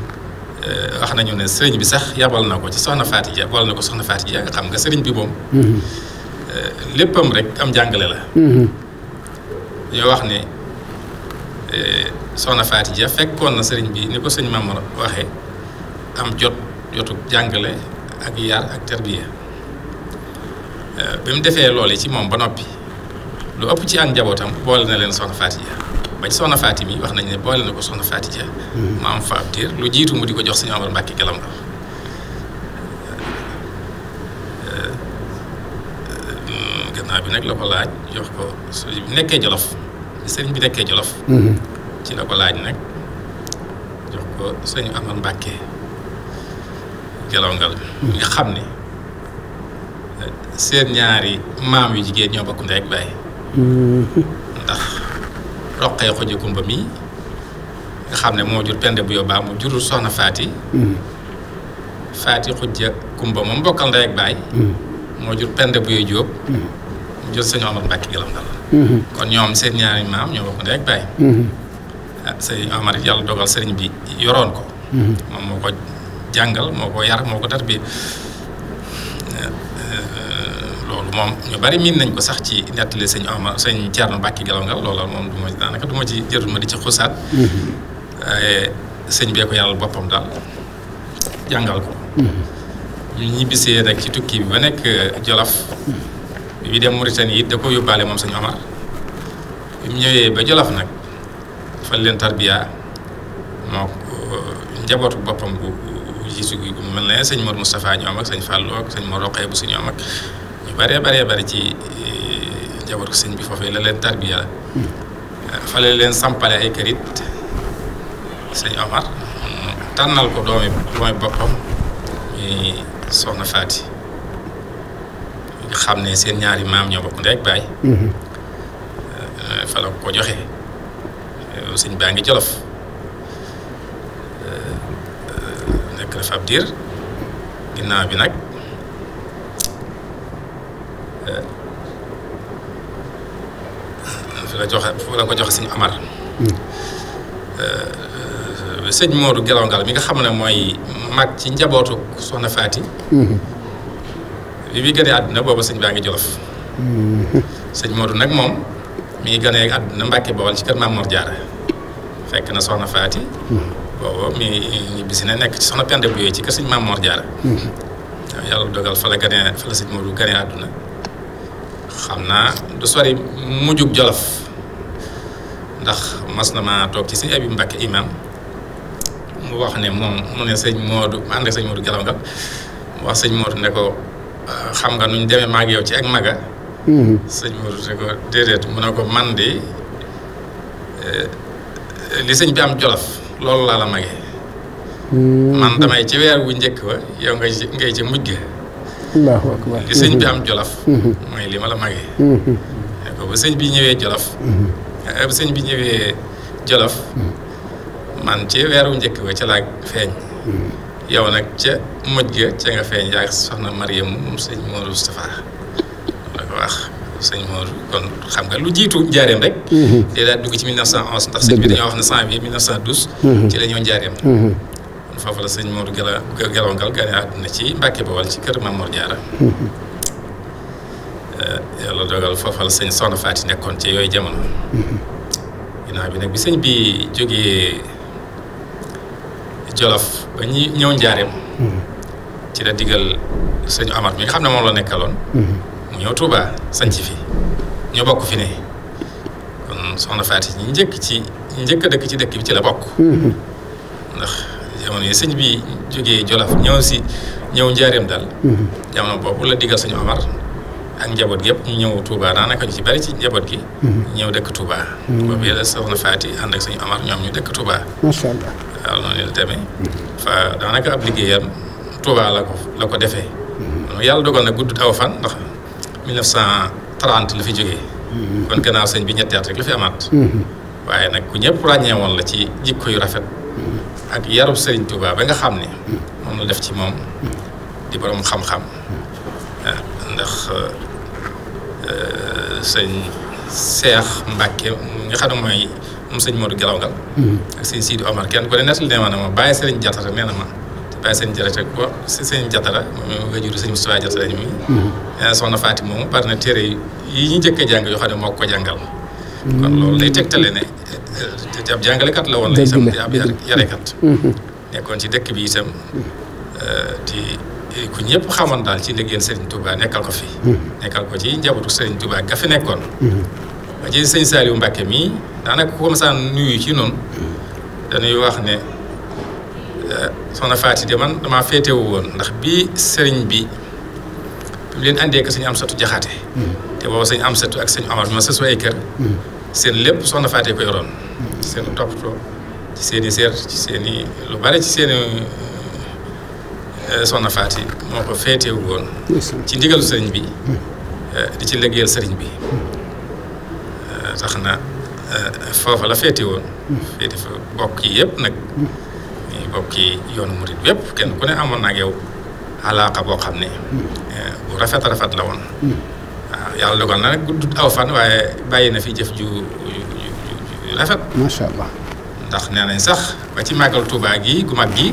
wax nañu ne sëriñ bi sax yabal na ko ci soxna Faati Jam na ko soxna Faati Jam nga xam nga sëriñ bi moom. Mm-hmm. Euh, léppam rek am jàngale la. Mm-hmm. yoo wax ne euh, soxna Faati Ja fekkoon na sëriñ bi ni ko sëñ Mamour waxe am jot jotug jàngale ak yar ak tarbiya euh, bi mu defee loole ci moom ba noppi lu ëpp ci ak njabootam boole na leen soxna Faati Ja ba ci soxna Faati mi wax nañ ne boole na ko soxna Faati Ja mu mm-hmm. am fa ab diir lu jiitu mu di ko jox sëñ Mamour Mbàkke Galam gouvernement bi nag la ko laaj jox ko sëriñ nekkee Jolof bi sëriñ bi nekkee Jolof mhm. ci la ko laaj nag jox ko sëriñ Amar Mbàkke Gelongal mi mhm. nga xam ne seen ñaari maam yu jigéen ñoo bokk ndey ak baay mhm. ndax roqee xojo kumba mi nga xam ne moo jur pende bu yóbbaa mu jurul soxna faati faati xujja kumba moom bokkal ndey ak baay moo jur pende bu yóbbu jóob jot sëñ Omar Mbacke Gëlam Ndal mhm. kon ñoom seen ñaari maam ñoo bokk ndey ak baay mhm. ah yàlla dogal sëriñ bi yoroon ko mhm. moom moo ko jàngal moo ko yar moo ko tar bi eh, eh, loolu moom ñu bari miin nañ ko sax ci nettali sëñ sëñ Thierno Mbacke Gëlam Ndal loolu daanaka du ci jërul ma di ci xusaat waaye eh, sëñ bee ko yàllal boppam daal jàngal ko ñu ñibbisee nag ci tukki bi ba nekk Jolof bi mu dem Mauritanie it da ko yóbbaale moom sëñ Omar bi mu ñëwee ba Jolof nag fa leen tarbiya moo euh, njabootu boppam bu jiitu gu mel ne sëñ Mor Moustapha ñoom ak sëñ Fallou ak sëñ Mor Roqee bu si ñoom ak ñu bëree bëree bëri ci euh, njabootu sëñ bi foofee la leen tarbiya la hmm. fale leen sampale ay kërit sëñ Omar tànnal ko doomi doomi boppam muy soxna Faati xam ne seen ñaari maam ñoo bokk ndey ak baay. Mhm. Euh, fa ko joxe euh, sëñ baa ngi jolof euh, nekk na fab diir ginnaaw bi nag fa la joxe fa la ko jox siñ Amar. Mhm. sëñ Modou Gelaw Ngal mi nga xam ne mooy mag ci njabootu Soxna bi muy gënee àdduna boobu sëñ baa ngi jolof mm-hmm. sëñ Modou nag moom mi ngi gënee àdduna Mbàkke Bawol ci kër Maam Jaara fekk na soxna Faati mm-hmm. booba mi ngi bisi nekk ci soxna Penda bu yooyu ci kër sëñ Maam Mor Jaara mm-hmm. yàlla dogal fa la gënee fa la sëñ Modou gënee àdduna xam naa du sori mujjug jolof ndax mas na maa toog ci si Abi Mbàkke imam mu wax ne moom mu ne sëñ Modou ànd ak sëñ Modou Galaw nga mu wax sëñ Modou ne ko xam nga nuñ demee maag yow ci ak maga mm-hmm. sëñ Mourou di ko déedéet mu ne ko man di eh, li sëñ bi am jolof loolu laa la magee mm-hmm. man damay ci weer wu njëkk ba yow ngay ci ngay ci mujj ga li sëñ bi am mm-hmm. jolof mooy li ma la magee eh, ko ba sëñ bi ñëwee jolof eh, ba sëñ bi ñëwee jolof man ci weeru njëkk ba ca laa feeñ yow nag ca mujj ga ca nga feeñ yaag soxna Mariam moom sëñ Modou Moustapha la ko wax sëñ Modou kon xam nga lu jiitu njaareem rek. day mhm. daal dugg ci 1911 ndax sëñ bi dañoo wax ne janvier 1912. Mhm. ci la ñëw moo mhm. kon foofu la sëñ Modou Gala Galongal gane àdduna ci Mbàkke Bawol ci kër Mamour Diarra. Eh, yàlla dogal foofa sëñ Soxna nekkoon ci yooyu jamono. ginnaaw bi nag bi sëñ bi jógee. Jolof ba ñuy ñëw njaareem hmm. ci la digal sëñ Amar mi nga xam ne moom la nekkaloon hmm. mu ñëw Touba sanc fi ñu bokk fi ne kon soxna Faati ñi njëkk ci njëkk a dëkk ci dëkk bi ci la bokk hmm. ndax jamono yi sëñ bi jógee Jolof ñëw si ñëw njaareem daal jamono boobu la digal sëñ Amar ak njaboot gi yëpp ñu ñëw Touba daanaka ñu ci bari ci njaboot gi. Mhm. ñëw dekk Touba. Mhm. boobu yële soxna Faati ànd ñoom ñu dëkk Touba. macha allah waaw noonu la demee. Mhm. fa daanaka ab liggéeyam Touba la ko la ko defee. yàlla dogal na gudd aw fan ndax 1930 la fi jóge kon gannaaw sëñ bi ñetti at rek la fi amaat. waaye nag ku ñëpp ràññee woon la ci jikko yu rafet. ak yaru sëñ Touba ba nga xam ni moom la def ci moom di borom xam-xam. ndax euh, euh, sëñ Seex Mbàkke nga xam ne mooy moom sëñ Modou Galaw Gal mm-hmm. ak sëñ Sidi Omar kenn ku ne nettali ne ma ne ma bàyyi sëriñ Jatara nee na ma bàyyi sëñ Jatara ko si sëñ Jatara moom nga jur sëñ Moustapha Jatara ñu mi nee mm-hmm. eh, na soxna Faati moom bari téere yi ñu njëkk jàng yoo xam ne moo ko jàngal mm-hmm. kon loolu lay tegtale ne eh, ab jàngalekat la woon la itam ab yarekat nekkoon ci dëkk bi itam eh, di Eh, ku ñëpp xamoon daal ci liggéeyal Serigne Touba nekkal ko fi. Hmm. nekkal ko ci njabootu Serigne Touba ga fi nekkoon. Hmm. ba ci sëñ Saliou Mbacke mii daanaka ku ko saan nuyu ci noonu. Hmm. dañuy wax ne eh, soxna Faati de damaa féetewu woon ndax bii sëriñ bi bi leen andee ko sëñ Amsatu Jaxate te booba sëñ Amsatu ak sëñ Omar bi ma sësu ay kër. seen lépp soxna Faati ko yoroon. seen toppatoo ci seen i seer ci seen lu bari ci seen Eh, soxna Faati moo ko féetewu woon ci ndigalu sëriñ bi hmm. eh, di ci liggéeyal sëriñ bi hmm. eh, tax na foofa la féete woon hmm. féete fa bokk yi yëpp nag ñu bokk yi yoonu murit yëpp kenn ku ne amoon na ak yow alaaka boo xam ne bu rafet rafet la woon waaw ah, yàlla dogal na nag gudd aw fan waaye bàyyi na fi jëf ju ju rafet macha ndax nee nañ sax ba ci màggal Tuubaa gi gu gi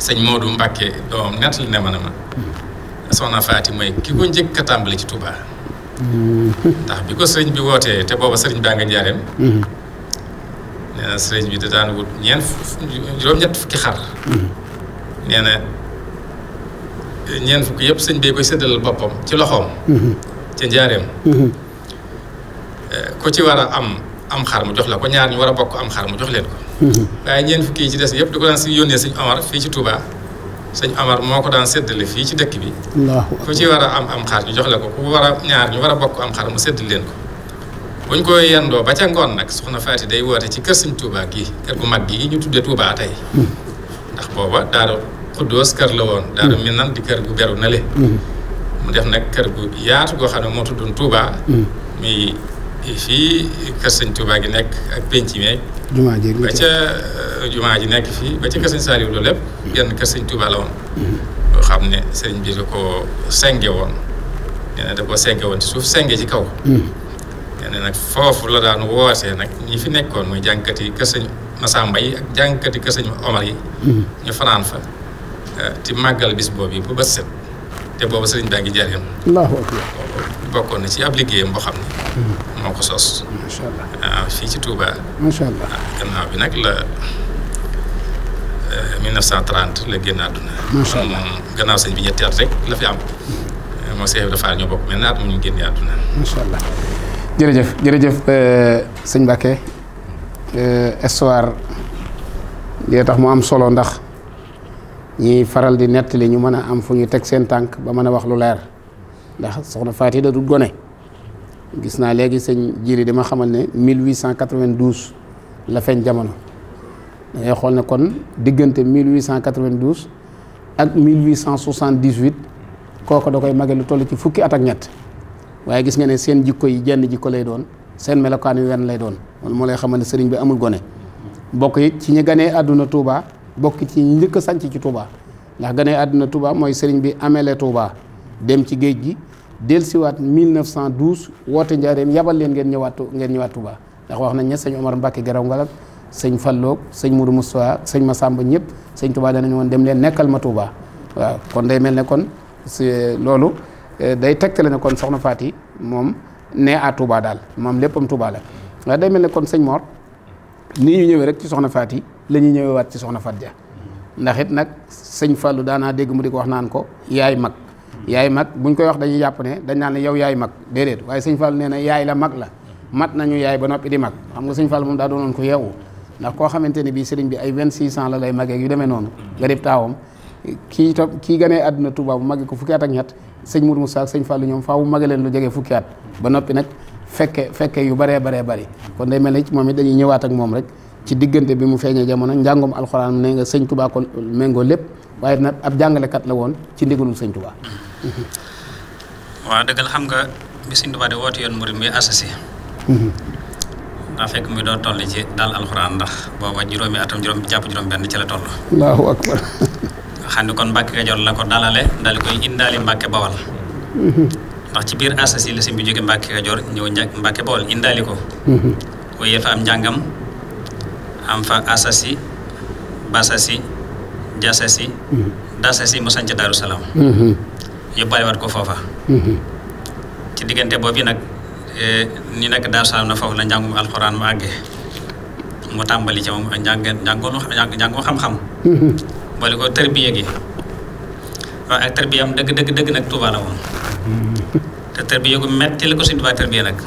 sëñ Modou Mbacke doom nettali ne ma ne ma soxna Faati mooy ki ko njëkk tàmbali ci Touba. ndax bi ko sëriñ bi wootee te booba sëriñ baa nga njaareem. nee sëriñ bi da daan wut ñeent juróom-ñett fukki xar. nee na ñeent fukki yëpp sëñ bee koy séddal boppam ci loxoom. ca njaareem. Eh, ku ci war a am am xar mu jox la ko ñaar ñu war a bokk am xar mu jox leen ko. waaye ñeent fukki kii ci des yëpp di ko daan si yónnee sëñ Omar fii ci Touba sëñ Omar moo ko daan séddale fii ci dëkk bi ku ci war a am am xar ñu jox la ko ku war a ñaar ñu war a bokk am xar mu séddal leen ko buñ ko yendoo ba ca ngoon nag soxna Faati day woote ci kër sëñ Touba gii kër gu mag gii ñu tuddee Touba tey hmm. ndax booba daaru xuddoos la woon daaru hmm. minan di gu beru na hmm. def nag kër gu yaatu goo xam ne moo tuddoon Touba muy fii kër sëñ Touba gi nekk ak penc meeg jumaa ji ba ca euh, nekk fii ba ca kër sëñ Saliou lépp genn kër sëñ Touba la woon mhm. yoo xam ne sëriñ bi da ko senge woon nee na ko senge woon ci suuf sengee ci kaw mhm. nee na nag foofu la daan wootee nag ñi fi nekkoon muy jànkati kër sëñ yi ak jànkati kër sëñ Omar yi mhm. ñu fanaan fa euh, ci màggal bis boobu yi bu bët set te booba sëriñ baa ngi jariñ bokkoon na ci ab liggéeyam boo xam ne hmm. moo ko sos macha allah waaw fii ci Touba gannaaw bi nag la 1930 euh, la génn àdduna macha allah moom gannaaw sëñ bi ñetti at rek la fi am hmm. moo Seex Ibra Faal ñoo bokk mel na mu ñu génnee àdduna macha allah jërëjëf jërëjëf euh, sëñ Mbacke euh, histoire yee tax mu am solo ndax ñiy faral di nettali ñu mën a am fu ñu teg seen tànk ba mën a wax lu leer ndax soxna Faati da du gone gis naa léegi sëñ jili dama xamal ne 1892 la feeñ jamono da ngay xool ne kon diggante 1892 ak 1878 kooku da koy mage lu toll ci fukki at ak ñett waaye gis nga ne seen jikko yi jenn jikko lay doon seen melokaan yu wenn lay doon loolu moo lay xamal ne sëriñ bi amul gone bokk it ci ñi ganee àdduna Touba. bokk ci ñi njëkk a sanc ci Touba ndax gane àdduna Touba mooy sëriñ bi amele Touba dem ci géej gi dellusiwaat 1912 woote njaareem yabal leen ngeen ñëwaat ngeen ñëwaat Touba ndax wax nañ ne sëñ Omar Mbacke Garaw Ngalak sëñ Falloog sëñ Mourou Moussa sëñ ma Massamba ñëpp sëñ Touba danañ woon dem leen nekkal ma Touba waaw kon day mel ne kon loolu eh, day tegtale ne kon soxna Faati moom nee à Touba daal moom léppam Touba la waaye kon sëñ Mor nii ñu ñëwee rek ci soxna Faati lañuy ñuy ñëwee waat ci soxna Faty Dia ndax nag sëñ Fallou daanaa dégg mu di ko wax naan ko yaay mag yaay mag buñ koy wax dañuy yàpp ne dañ naan ne yow yaay mag déedéet waaye sëñ Fallou nee na yaay la mag la mat nañu yaay ba noppi di mag xam nga sëñ Fallou moom daa doonoon ko yeewu ndax koo xamante ne bii sëriñ bi ay vingt 26 ans la lay magee yu demee noonu nga def taawam kii tam kii ganee àdduna Touba bu magee ko fukki at ak ñett sëñ Mourou Moussa ak sëñ Fallou ñoom faaw mage leen lu jege fukki at ba noppi nag fekke fekke yu baree baree kon day mel ne moom it dañuy ñëwaat ak moom rek ci diggante bi mu feeñee jamono njàngum alxuraan ne nga sëñ tubaa méngoo lépp waaye nag ab jàngalekat la woon ci ndigalul sëñ tubaa waaw dëggal xam nga bi sëñ tubaa di woote yoon murid mi asasi daa fekk muy doo toll ci daal alxuraan ndax booba juróomi atam juróom jàpp juróom benn ci la toll allahu akbar xam ne kon mbàkke kajoor la ko dalale daal koy indaali mbàkke bawal ndax ci biir asasi la sëñ bi jóge mbàkke kajoor ñëw mbàkke bawal indaali ko mhm. waaye fa am njàngam am fa asasi basasi jasasi mhm. dasasi mu sanc daaru salaam mhm. yóbbaale waat ko foofa mhm. ci diggante boobu nag ni e, nekk daaru salaam na foofu la njàngum alxuraan mu àggee mu tàmbali ci moom njàng njàngum xam-xam boole ko tërbiya gi waaw ak tërbiya am dëgg dëgg dëgg nag Tuuba te tërbiya gu metti la ko suñu Tuuba tërbiya nag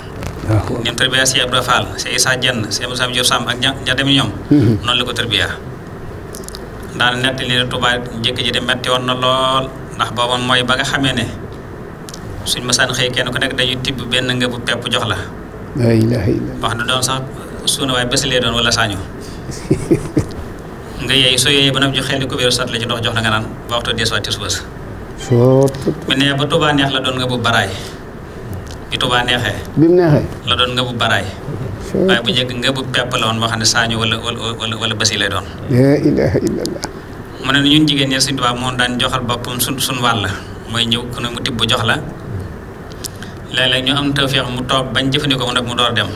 waaw ñoom tarbiya si Abdou Fall si Issa Dieng si Moussa Diop Samb ak ña ña dem ñoom. Mhm. noonu la ko tarbiya daan nett li la Touba njëkk ji de woon na lool ndax boobu mooy ba nga xamee ne suñ masaan xëy kenn ku nekk dañuy tibb benn nga jox la. la wax du doon sax suuna waaye lee doon wala saañu nga yeey ba nag joxee li kubéeru sat la ci ndox jox la nga naan ba waxtu neex la doon nga bu baraay. bi Touba neexee. bi mu la doon nga bu baraay. waaye bu njëkk nga bu pepp la woon boo xam ne saañu wala wala basi lay doon. la ilaha illallah. mu ne ñun jigéen ñi Sëñ Tuubaa moom daan joxal boppam suñ suñ wàll mooy ñëw ku ne mu tibb jox la léeg-léeg ñu am tawfeex mu toog bañ jëfandikoo mu nag mu door dem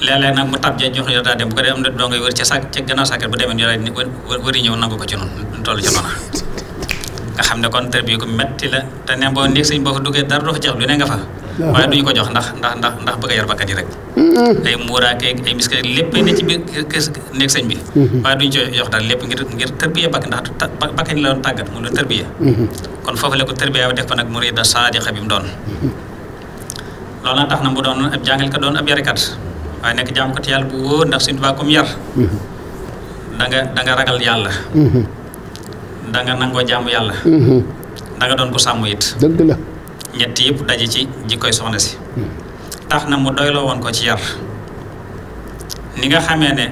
léeg-léeg nag mu tab ja jox ñu daa dem bu ko dee am na doo ngay wër ca sàkk ca gannaaw sàkket bu demee ñu daal wër wëri ñëw nangu ko ci noonu toll ci noonu. nga xam ne kon tërbiya gu metti la te ne boo néeg sëñ boo fa duggee dara doo fa jeex lu ne nga fa waaye duñu ko jox ndax ndax ndax bëgg a yar bakkat rek mm-hmm. ay muuraake ay miska lépp ne ci biir néeg sëñ bi mm-hmm. waaye duñu ci jox daal lépp ngir ngir tërbiya bakk ndax bakkat yi la doon tàggat mu doon tërbiya mm-hmm. kon foofu la ko tërbiya def ko nag murida saadiqa bi mu doon loolu na tax na mu doon ab jàngalkat doon ab yarikat waaye nekk jaam ko te yàlla bu wóor ndax suñu tubaab comme da nga yàlla da nga nangoo jaamu yàlla. Mhm. da nga doon ko sàmm it. dëgg la. yëpp daje ci jikkoy soxna si. Mhm. tax na mu doyloo woon ko ci yar ni nga xamee ne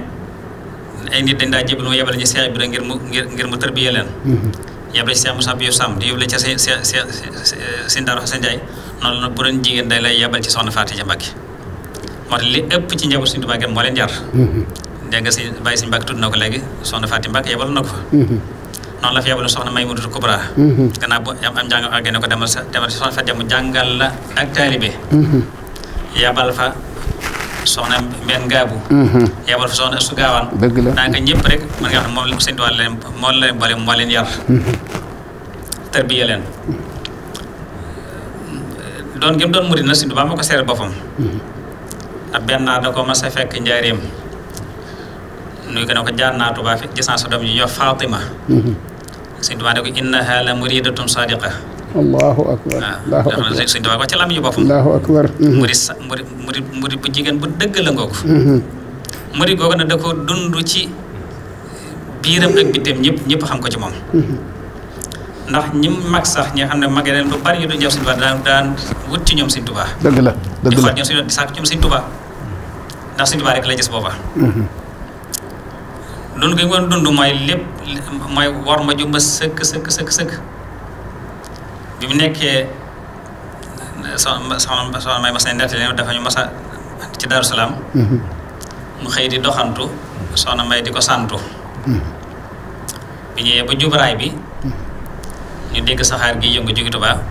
ay nit dañ daa jébal mu yebale ci Seex Ibra ngir mu ngir ngir mu tërbiye leen. Mhm. yebale ci Seex Musaa Biyo Samb di yóbbu ca noonu la bu doon jigéen day lay yebal ci soxna Faati ca Mbàkke moo li ëpp ci njaboot suñu Tuubaa moo leen jar. dégg si bàyyi si Mbàkke tudd na ko léegi soxna Faati Mbàkke yebal na ko noonu la fi yabaloon soxna Maymunatu Kubra. Mm-hmm. gannaaw boo am jàng ak gën ko demal sa demal jàngal la ak taalibe. Mm-hmm. yabal fa soxna Mbène Ngaabu. Mm-hmm. yabal fa soxna Astu Gaawaan. dëgg la rek mën nga wax ne moom la sëñ Tuubaa leen moo leen boole moo leen yar. ko seere boppam. ab benn da ko mas a fekk njaareem. nuy gën a ko jaar naa fi gis naa sa doom ji ñoo Fatima. sëñ Tuubaa ne ko innaha la muridatun sadiqa allahu akbar waaw sëñ Tuubaa ko ci làmmiñu boppam allahu akbar murid mm-hmm. murid murid murid bu jigéen bu dëgg la ngoogu mm-hmm. murid googu nag da ko dund ci biiram ak bitteem ñëpp ñëpp xam ko ci moom mm-hmm. ndax ñi mag sax ñi xam ne mag leen lu bari ñu doon jàpp sëñ Tuubaa daan daan wut ci ñoom sëñ Tuubaa dëgg la dëgg la di xool ñoom sëñ Tuubaa di sàkk ñoom sëñ ndax sëñ rek la gis booba dund gi ngeen dund mooy lépp mooy war ma ju ma sëkk sëkk sëkk sëkk bi mu nekkee soxna soxna may mas nañ nettali ne dafa ñu mas ci Daaru Salaam mhm. mu xëy di doxantu soxna may di ko santu mhm. bi ñëwee ba jubaraay bi mhm. ñu dégg saxaar gi yëngu jógi Tuubaa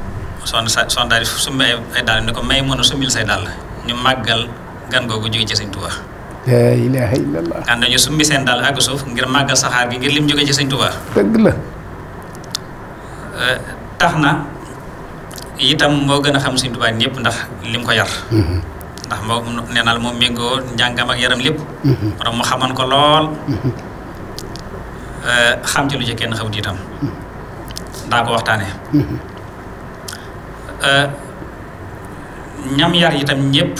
soxna soxna daal su summi ay daal ne ko may mën a summil say dàll ñu màggal gan googu jóge ci Sëñ Tuubaa la ilaha illallah. ànd ñu summi seen daal àgg suuf ngir màggal saxaar gi ngir lim jóge ci sëñ Tuubaa. dëgg la. tax na itam moo gën a xam sëñ Tuubaa ñëpp ndax lim ko yar. Mhm. ndax moo nee naa la moom yaram lépp. borom mhm. mu xaman ko lool. Mhm. xam ci lu ci kenn xamut itam. daa ko waxtaanee. ñam yar itam ñëpp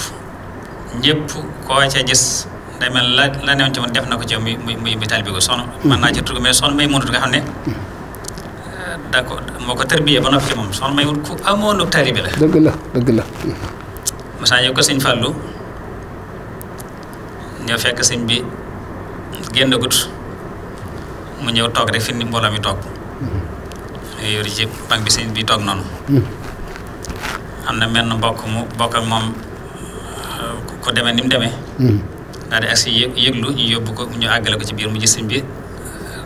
ñëpp koo ca gis day mel la la newoon def na ko ci muy muy muy taalibe gu sonn. mën naa ci tugg mais sonn may mënut nga xam ne. Euh, d' moo ko tërbiyee ba noppi moom sonn may ku amoon taalibe la. dëgg ñëw fekk sëñ bi génn gut mu ñëw toog rek fi ni mbooloo mi toog. Mm-hmm. yor banque bi sëñ bi toog noonu. Mm-hmm. am na menn mbokk mu bokk moom euh, ku demee ni mu demee. Mm-hmm. daal di agsi yëglu ñu yóbbu ko ñu àggale ko ci biir mu gis sëñ bi euh,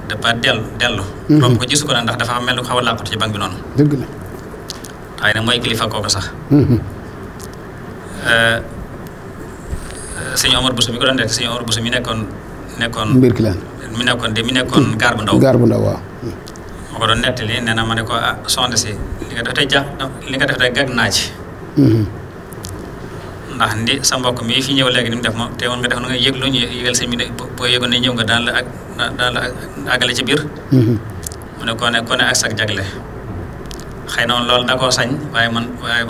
dafa dellu dellu. Mhm. romb ko gisu ko nag ndax dafa mel ni xaw a làqatu ci banque bi noonu. dëgg la waaye mooy kilifa mhm. euh, euh, ko doon def nekkoon nekkoon. mbir ki laan mi mi nekkoon ko doon nettali nee ne ko ah soxna si li nga def tey ja li nga def tey gag naa ci. Mhm. ndax ndi sa mbokk mi fi ñëw léegi ni mu def moom te woon nga def na nga yëg lu ñu yëgal sëñ bi ne boo yëgoon ne ñëw nga daan la ak daan ci biir mhm. mu ne kone kone ak sag jagle xëy na loolu da koo sañ waaye man waaye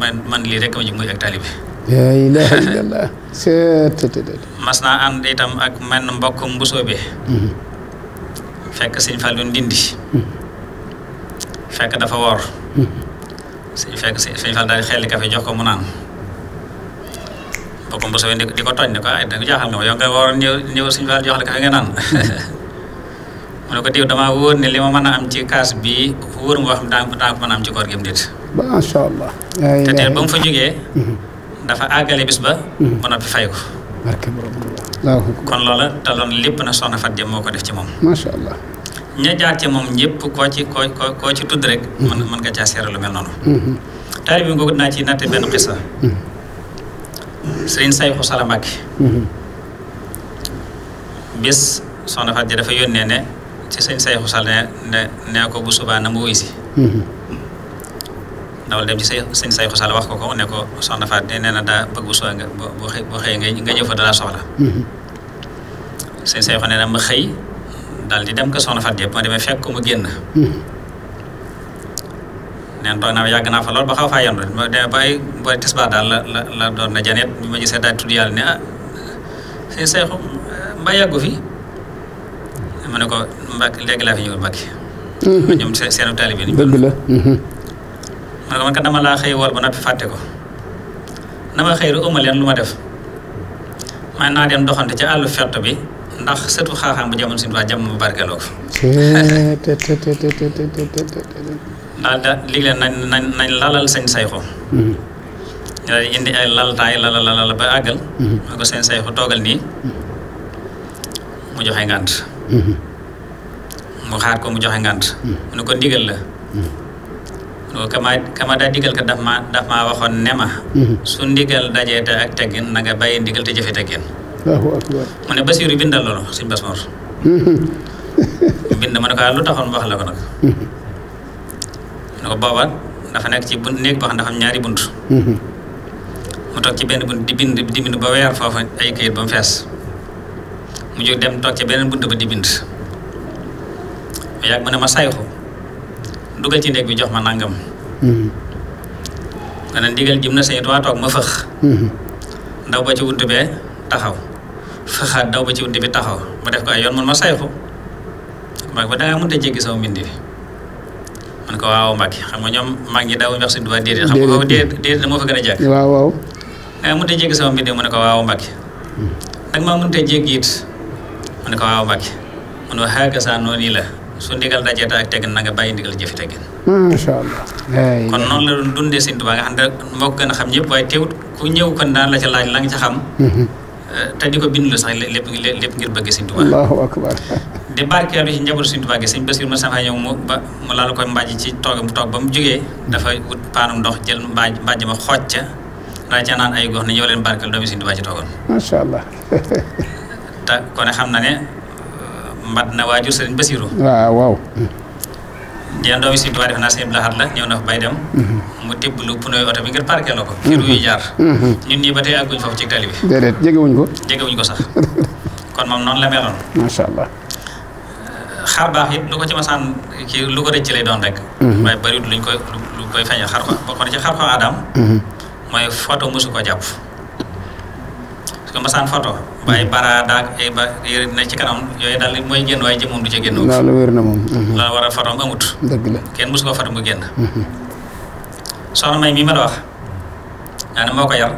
man man lii rek ak taalibe mas naa ànd itam ak menn mbokk mbusoo bi mhm. fekk sëñ Fallu ndindi mhm. fekk dafa woor sëñ fekk sëñ daal xel kafe jox ko mu naan boppam bu sawee di ko tooñ ne ko ah da nga nga ma mën a am bi wóor nga xam a am ci koor gi mu dit mhm. dafa àggale ba ba noppi fay ko kon loola te loon lépp na soxna Fat Jëm ko def ci moom macha allah ña jaar ci moom ñëpp koo ci koo koo koo ci tudd rek mën mhm. nga caa seere lu mel noonu mhm. taalibe bi nga ko naa ci natte benn xisa sëriñ Sayxu Sala Mbàkke mhm. bis soxna Faty dafa yónnee ne ci sëriñ Sayxu Sala ne ne ko bu subaa na mu wuy si mhm. dawal dem ci sëriñ Sayxu Sala wax ko ko ne ko soxna Faty nee na daa bëgg bu subaa nga boo xëy nga ñëw fa dalaa soxla mhm. sëriñ Sayxu nee na ma xëy daal di dem ko soxna Faty yëpp ma demee fekk ko mu génn neen toog naa yàgg naa fa lool ba xaw faa yoon rek de bay ba tisbaar daal la la la doon na janet bi ma gisee daal tudd yàlla ne ah sëñ Seexu mbaa yàggu fi ma ne ko mbak léegi laa fi ñëw mbakki mhm. ñoom seenu taalibe la mhm. ma ne ko man kat dama laa xëy wool ba noppi fàtte ko dama xëy rek ëmma leen lu ma def man naa dem doxante ci àllu fett bi ndax sëtu xaaxaam bu jamono suñu waa jàmm mu barkeloo ko daal ah, da léegi nañ nañ nañ lalal sëñ sayxu ñu mhm. daal di indi ay laltaay lala lala ba àggal ma mhm. ko sëñ sayxu toogal nii mu joxe ngànt mhm. mu xaar ko mu joxe ngànt mu ne ko ndigal la loolu kama kama daa digal ka ma daf maa waxoon ne ma su ndigal dajee te ak teggin na nga bàyyi ndigal te jëfe teggin mu ne Basiiru bindal loolu suñ Bas Mor bind ne ko ah, lu taxoon wax la ko nag ne ko boobal dafa nekk ci bunt néeg boo xam ne dafa am ñaari bunt mhm. mu toog ci benn bunt di bind di bind ba weer foofa ay këyit ba mu fees mu jóg dem toog ci beneen bunt ba di bind mu yàgg ne ma sayxu dugal ci néeg bi jox ma nangam kon mhm. ndigal jëm na sëñ Tuubaa toog ma fëx ndaw mhm. ba ci wunt bee taxaw fëxaat daw ba ci wunt bi taxaw ma def ko ay yoon mun ma sayxu ba ba dangaa mënta jéggi saw mbind man ko waaw Mbacke xam nga ñoom mag ngi daaw wax suñu duwaa déedéet xam nga déedéet moo fa gën a jàkk waaw waaw nga eh, mënut a jéggi sama mbir ne ko waaw Mbacke hmm. nag maa a jéggi it mu ne ko waaw Mbacke mu ne xaaga saa noonu la su ndigal dajee ak teg na nga bàyyi ndigal jëfi teggin macha allah kon noonu la doon dundee Sëñ Tuubaa nga xam ne moo ko gën a xam ñëpp waaye teewut ku ñëw kon daan la ca laaj la nga ca xam hmm. eh, te ko bind lu sax lépp lépp ngir bëgg Sëñ allahu akbar di barkeelu ci njabootu Sëriñ Tuubaa gi Sëriñ Basiru Mustafaa ñëw mu ba mu laal koy mbaaj ci tooge mu toog ba mu jógee dafa ut paanum ndox jël mbaaj mbaaj ma xooj ca daa ca naan ay gox ne ñëw leen barkeelu doomi Sëriñ Tuubaa ci toogoon. xam na ne mbat na waajur Sëriñ Basiru. waaw waaw. dina doomi Sëriñ Tuubaa def naa Sëriñ Abdul Ahad la ñëw na fa bay dem. Mm-hmm. mu tibb lu pneu oto bi ngir barkeeloo ko. ci ruyu mm-hmm. jaar. Mm-hmm. ñun ñii ba tey àgguñ foofu ci tali bi. déedéet jegewuñ ko. jegewuñ ko sax kon moom noonu la meloon. macha allah. xar baax yëpp lu ko ci masaan kii lu ko rëcc lay doon rek. Mhm. waaye bëriwul luñ koy koy feeñal xar ko bokk xar ko Adam. Mhm. ko jàpp. Mhm. ba yëre dina ci kanam yooyu daal mooy génn waaye a kenn mosu ko photo mu génn. soxna May mii ma la wax. daanaka moo ko yar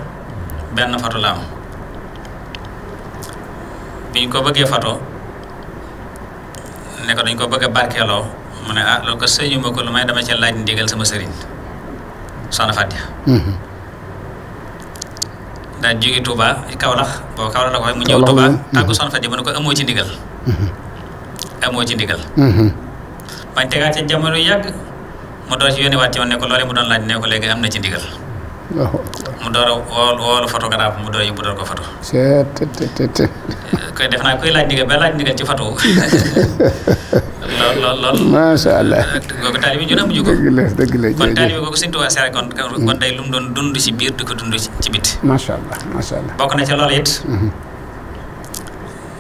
benn photo la am. biñ ko bëggee photo. ne ko dañ ko bëgg a barkeeloo mu ne ah loolu ko sëñu ma ko lu may dama ca laaj ndigal sama sëriñ soxna Fatia. Mhm. daal jóge Touba Kaolack boo Kaolack la ko waxee mu ñëw Touba mhm. tàggu soxna Fatia mu ne ko amoo ci ndigal. Mhm. amoo ci ndigal. bañ tegaat yàgg mu doon laaj ne léegi am na ci ndigal. mu door a woo woolu photographe mu door a yóbbu door ko photo. koy def naa koy laaj ndigal ba laaj ndigal ci photo. lool lool lool. allah. kooku taalibe ju ne mujj ko. dëgg mu doon dund ci biir di allah bokk na ci loolu it.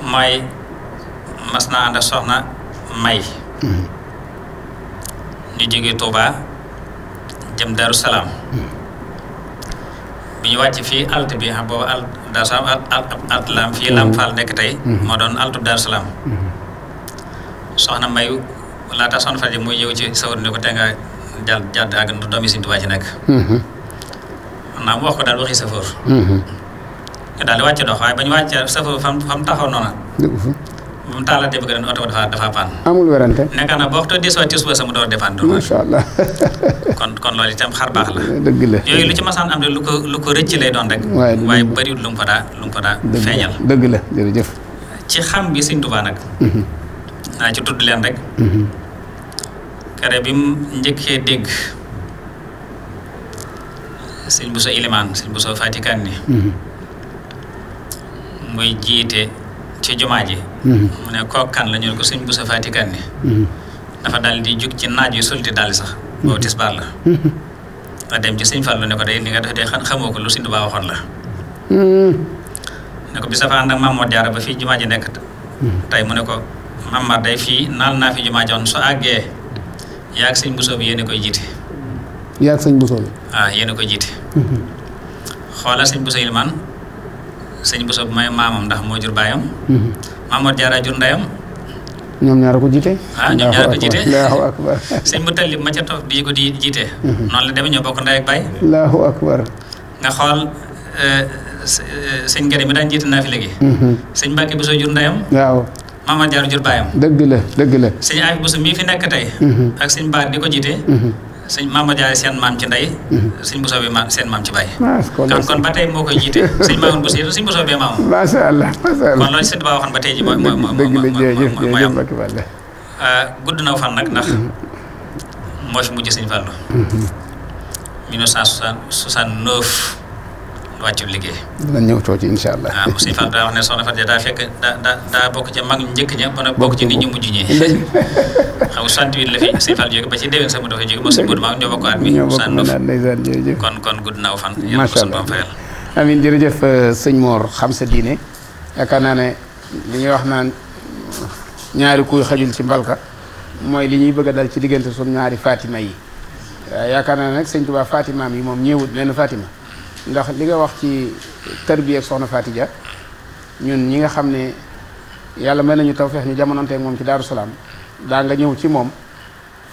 mooy mm-hmm. mas naa ànd ak soxna May. Mm-hmm. ñu jógee Touba jëm Darou bi ñu wàcc fii alt bi xam boobu alt Daaru Salaam alt lam fii mm-hmm. lam faal nekk tey mm-hmm. moo doon altu Daaru Salaam mm-hmm. soxna may laata soxna Faty muy ñëw ci sawar ni ko te nga jàll jàdd ak doomi Sëriñ Tuubaa ci nekk naa mu wax ko daal waxi safoor daal di wàcc dox waaye ba ñu wàcc safoor fam fam taxaw noona moom tàllante ba gën oto dafa dafa pan amul werante nekk na boo waxtoo desuwaat ci suba sama door defaan doon macha allah kon kon loolu itam xar baax la dëgg la yooyu lu ci masaan am de lu ko lu ko rëcc lay doon rek waaye bëriwul lu mu ko daa lu mu ko daa dëgg la jërëjëf ci xam bi Sëñ Tuubaa nag mhm. naa ci tudd leen rek mhm. kere bi mu njëkkee dégg sëñ bu so ilimaan sëñ bu so fatikaan ni mhm. muy jiite ci jumaa ji mhm. mu ne kooku kan la ñu ko sëñ Boussa Fati kan ni mhm. dafa daal di jug ci naaj yu sulti daal di sax boobu mhm. tisbaar la nga dem ci sëñ lu ne ko day li nga def day xamoo ko lu sëñ waxoon la ne ko bi safa ànd ak moo Diarra ba fii jumaa ji nekk tey mu ne ko Mamour day fii naan naa fi jumaa ji woon su àggee yaa ak sëñ Bousso bi yéen koy jiite yaa ak sëñ Bousso bi waaw ah, yéen koy jiite xoolal sëñ Bousso Ilimane sëñ Bousso mooy maamam ndax moo jur baayam. Mhm. Mamour Diarra jur ndeyam. ñoom ñaar ko jiite. waaw ah, ñoom ñaar ko jiite allahu akbar sëñ bu talib ma ca toog di ko di jiite. Mhm. noonu la demee ñoo bokk ndey ak baay. allahu akbar nga xool eh, eh, sëñ Gari mi daan jiite naa fi léegi. Mhm. sëñ Mbacke Bousso jur ndeyam. waaw. Mamour Diarra jur baayam. dëgg la dëgg la. sëñ Afy Bousso mii fi nekk tey. ak sëñ Baar di ko jiite. sëñ Maama Jaare seen maam ci ndey mhm. sëñ Bousso bi ma seen maam ci baay kon kon ba tey moo koy jiite sëñ Maamoun Bousso maam macha Allah macha Allah kon loolu sëñ Ba waxoon ba tey mooy mooy mooy am ah, gudd na fan nag ndax mhm. moo fi mujj sëñ Fallou 1969 mhm. wàccu liggéey. dinañ ñëw coow ci incha allah. waaw ah, Moussa Fall daa wax ne soxna Fatou daa fekk daa daa daa bokk ca mag njëkk ña ba nag bokk ci nit ñu mujj ñi. xaw soixante-huit la fi Moussa Fall jóge ba ci déwén sama doxee jóge Moussa Bourma ñoo bokk at mi. ñoo bokk kon kon gudd naaw fan. macha allah yàlla amiin jërëjëf euh, sëñ Mor xam sa diine yaakaar naa ne li ñuy wax naan ñaari kuy xajul ci mbalka mooy li ñuy bëgg a dal ci diggante suñu ñaari Fatima yi yaakaar naa nag sëñ Tuubaa Fatima yi moom ñëwut lenn Fatima ndax li nga wax ci tarbiya ak soxna Faty ñun ñi nga xam ne yàlla mën nañu taw feex ñu jamononteeg moom ci Daaru Salaam daa nga ñëw ci moom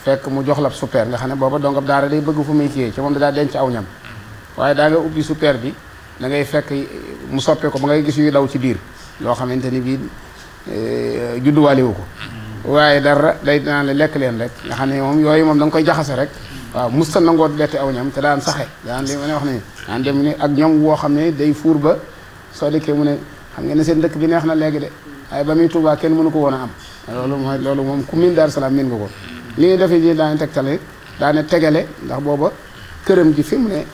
fekk mu jox la super nga xam ne booba dongab daara day bëgg fu muy téye ci moom da daa denc aw ñam waaye daa nga ubbi super bi da ngay fekk mu soppee ko ba ngay gis yu daw ci biir loo xamante ni bii e, judduwaale wu ko mm. waaye dara day dinaa la lekk leen rek nga xam ne moom yooyu moom da nga koy jaxase rek waaw mus nangoo letti aw ñam te daan saxe daan li ma ne wax ne daan dem ni ak ñoom woo xam ne day fuur ba soo dikkee mu ne xam ngeen ne seen dëkk bi neex na léegi de waaye ba muy Tuubaa kenn mënu ko woon a am loolu mooy loolu moom ku miin Daaru Salaam miin nga ko li ñuy defee ji daane tegtale daane tegale ndax booba këram gi fi mu ne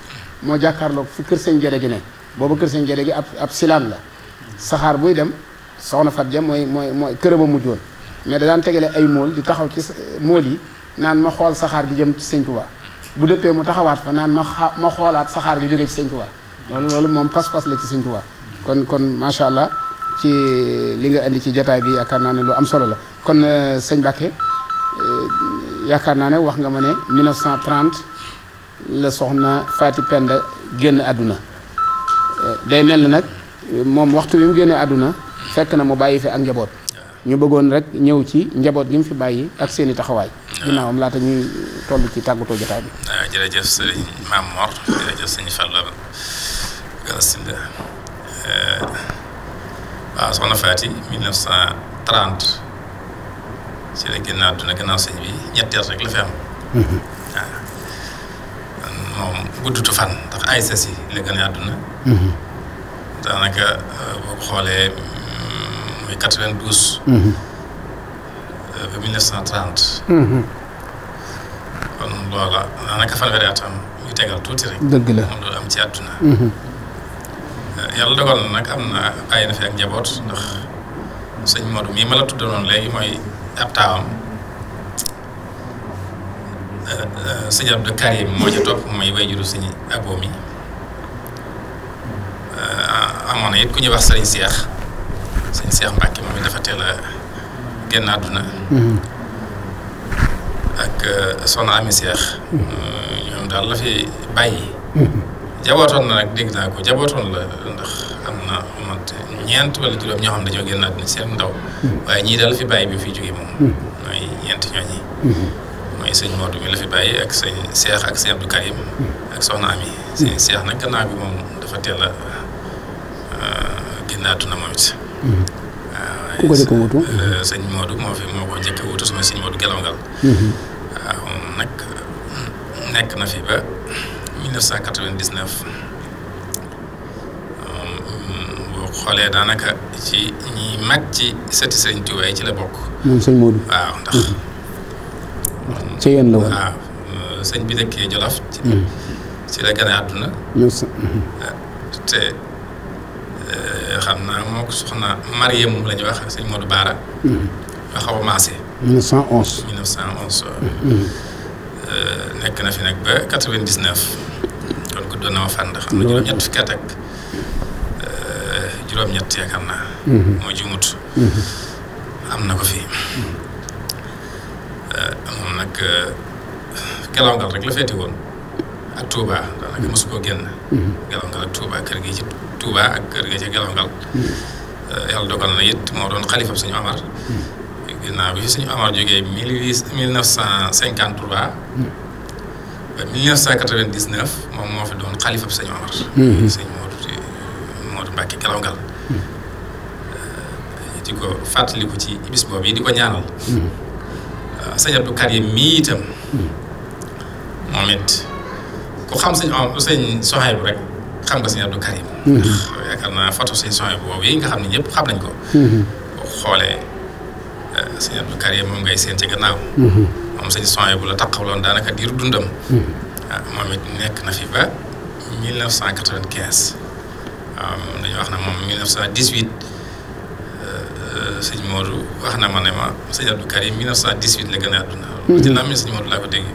moo jàkkaarloog fi kër sëñ jere gi ne booba kër sëñ jere gi ab ab silaan la saxaar buy dem soxna Fat Ja mooy mooy mooy këram a mujjoon mais da daan tegale ay mool di taxaw ci mool yi naan ma xool saxaar gi jëm ci sëñ Tuubaa bu dëppee mu taxawaat fa naan ma xa ma xoolaat saxaar gi jógee ci sëñ Tuubaa loolu loolu moom pas-pas la ci sëñ Tuubaa kon kon macha allah ci li nga indi ci jataay bi yaakaar naa ne lu am solo la kon euh, sëñ Bakke euh, yaakaar naa ne wax nga ma ne 1930 la soxna Faati Penda génn àdduna euh, day mel ni nag moom waxtu wi mu génnee àdduna fekk na mu bàyyi fi ak njaboot. ñu bëggoon rek ñëw ci njaboot gi mu fi bàyyi ak seeni i taxawaay. ginnaawam laata ñuy toll ci tàggatoo jotaay bi. waaw jërëjëf sëriñ Maam Mor jërëjëf sëñ Fallal Galassinda eh, waaw soxna Faati 1930 ci la génn àdduna gannaaw sëñ bi ñetti at rek la fi am. Mhm. moom guddutu fan ndax ay sas yi la gën a àdduna. Mhm. daanaka eh, boo xoolee. muy 92. ba 1930. kon loola daanaka fanweeri atam ñu tegal tuuti rek. dëgg la moom loolu am ci àdduna. Mhm. Euh, yàlla dogal na nag am na bàyyi na fi ak njaboot ndax sëñ Modou mii ma la tuddanoon léegi mooy ab taawam euh, euh, sëñ moo ci topp mooy wayjuru amoon na it ku ñuy wax sëriñ Seex. sëñ Cheikh Mbacke moom dafa teel a génn àdduna mhm. ak euh, soxna Ami Cheikh mhm. ñoom daal la fi bàyyi mhm. jabootoon na nag dégg naa ko jabootoon la ndax am na mante ñeent wala juróom ñoo xam ne dañoo génn àdduna seen ndaw waaye ñii daal bi fi jógee moom mooy ñeent ñooñi mooy sëñ Modou mi la fi bàyyi ak sëñ dafa teel euh, génn àdduna moom it waaw ku ko njëkk a wutu euh, sëñ Modou moo fi moo ko njëkk a wutu sama sëñ Modou Galawngal mhm. waaw nag nekk na fi ba 1999 boo xoolee daanaka ci ñi mag ci sëti sëñ Tuubaa yi ci la bokk moom sëñ Modou waaw ndax mhm. ci bi dëkkee Jolof ci mhm. la gane àdduna ah, te xam naa moo ko soxna Mariam moom la ñuy wax sëñ Modou Baara. Mm-hmm. nga maase. Mm-hmm. nekk na fi nag ba 99. kon ko doon na ma fànn xam na juróom-ñett fukki at ak euh, juróom-ñett yaakaar naa. Mm-hmm. moo jumut. am na ko fi. Euh, moom nag euh, Galawngal rek la féete woon ak Touba daanaka mosu koo génn. Galawngal ak Touba kër gi ci. Touba ak kër ga ca Gelongal hmm. yàlla dogal na it moo doon xalifa bi suñu Amar hmm. ginnaaw neuf cent cinquante trois hmm. ba neuf cent quatre vingt dix neuf moom moo fi doon xalifa bi suñu Amar sëñ Modou Modou Mbacke Gelongal di ko fàttaliku ci bis boobu yi di ko ñaanal ah, sëñ Abdou Karim mii itam moom it ku xam sëñ sëñ Sohaybu rek xam nga sëñ Abdou Karim mm-hmm. ndax yaakaar naa photo sëñ yi nga xam ne ñëpp xam nañ ko mm-hmm. xoolee euh, sëñ Abdou Karim moom ngay seen ci gannaaw mm-hmm. moom sëñ Sohaybu la taxawloon daanaka diiru dundam ah moom it nekk na fi ba 1995 waaw dañu wax na moom 1918 euh, sëñ Modou wax na ma ne ma sëñ Abdou Karim 1918 la gën a àdduna. ci làmmiñ sëñ Modou laa ko dégg.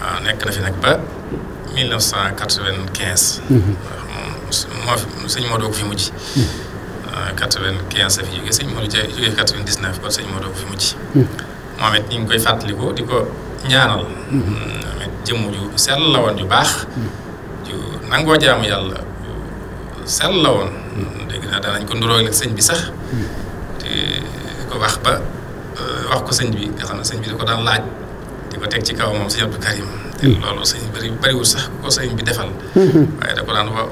waaw ah, nekk na fi nag 1995. moo fi sëñ Modou ko fi mujj. 95 a fi jógee sëñ Modou ja jógee 99 kon ko fi mujj. moom it ñu koy fàttaliku di ko ñaanal. moom it jëmm ju sell la woon ju baax. ju nangoo jaamu yàlla ju la woon. dégg naa danañ ko nduróole sëñ bi sax. te ko wax ba euh, wax ko sëñ bi nga xam ne sëñ bi da ko daan laaj di ko teg ci kaw moom sëñ Abdou Karim. loolu sëñ bi bëriwul sax ko sëñ bi defal. waaye da ko daan wax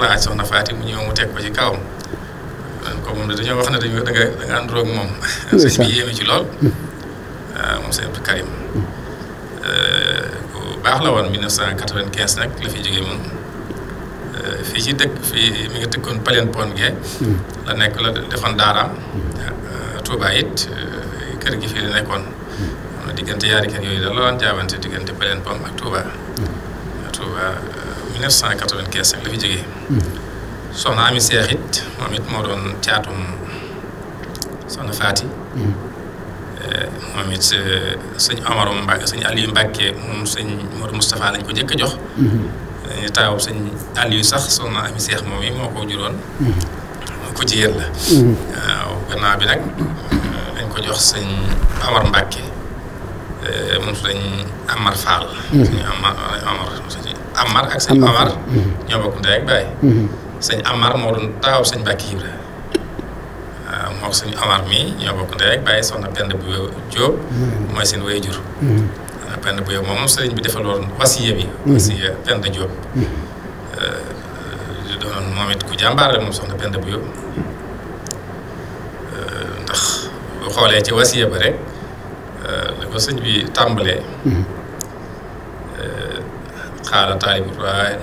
laaj soxna Faati mu ñëw mu teg ko ci kawam. ko moom dañoo wax ne dañu da nga da nga moom. sëñ bi ci lool. Ah, moom sëñ Abdou Karim. bu eh, baax la woon 1995 nag la fi jógee moom. Eh, fii ci dëkk fii mi ngi dëkkoon Palen Pon Gué. Hmm. la nekk la defoon Daaraam. Hmm. Eh, Touba kër gi fii la nekkoon. diggante yaari kër yooyu daal la daan jaabante diggante Belène Pam ak Touba. Mm-hmm. Touba 1995 euh, ak la fi jógee. Mm-hmm. soxna Ami Seex it moom it moo doon caatum soxna Faati. Mm-hmm. Euh, moom it euh, sëñ Amaru Mbàkke sëñ Aliou Mbàkke moom sëñ Modou Moustapha lañ ko njëkk a jox. dañuy taaw sëñ Aliou sax soxna Ami Seex moom yi moo ko juróon. ko jigéen la. waaw gannaaw bi nag dañ ko jox sëñ Amar Mbàkke. Euh, moom su dañ Amar Fall. Hmm. suñu Amar Amar Amar ak sëñ Amar. Hmm. ñoo bokk ndey ak baay. Hmm. sëñ Amar moo doon taaw sëñ Mbàkke Ibra ah, waaw moo sëñ Amar mii ñoo bokk ndey ak baay soxna Pend bu Jóob moom sëriñ bi defaloon wasiya bi. wasiya Pend Jóob. Euh, di doon moom it ku jàmbaare moom soxna Pend bu Jóob euh, ndax xoolee ci wasiya ba rek. ba sëñ bi tàmbalee mhm. euh, xaala taalibu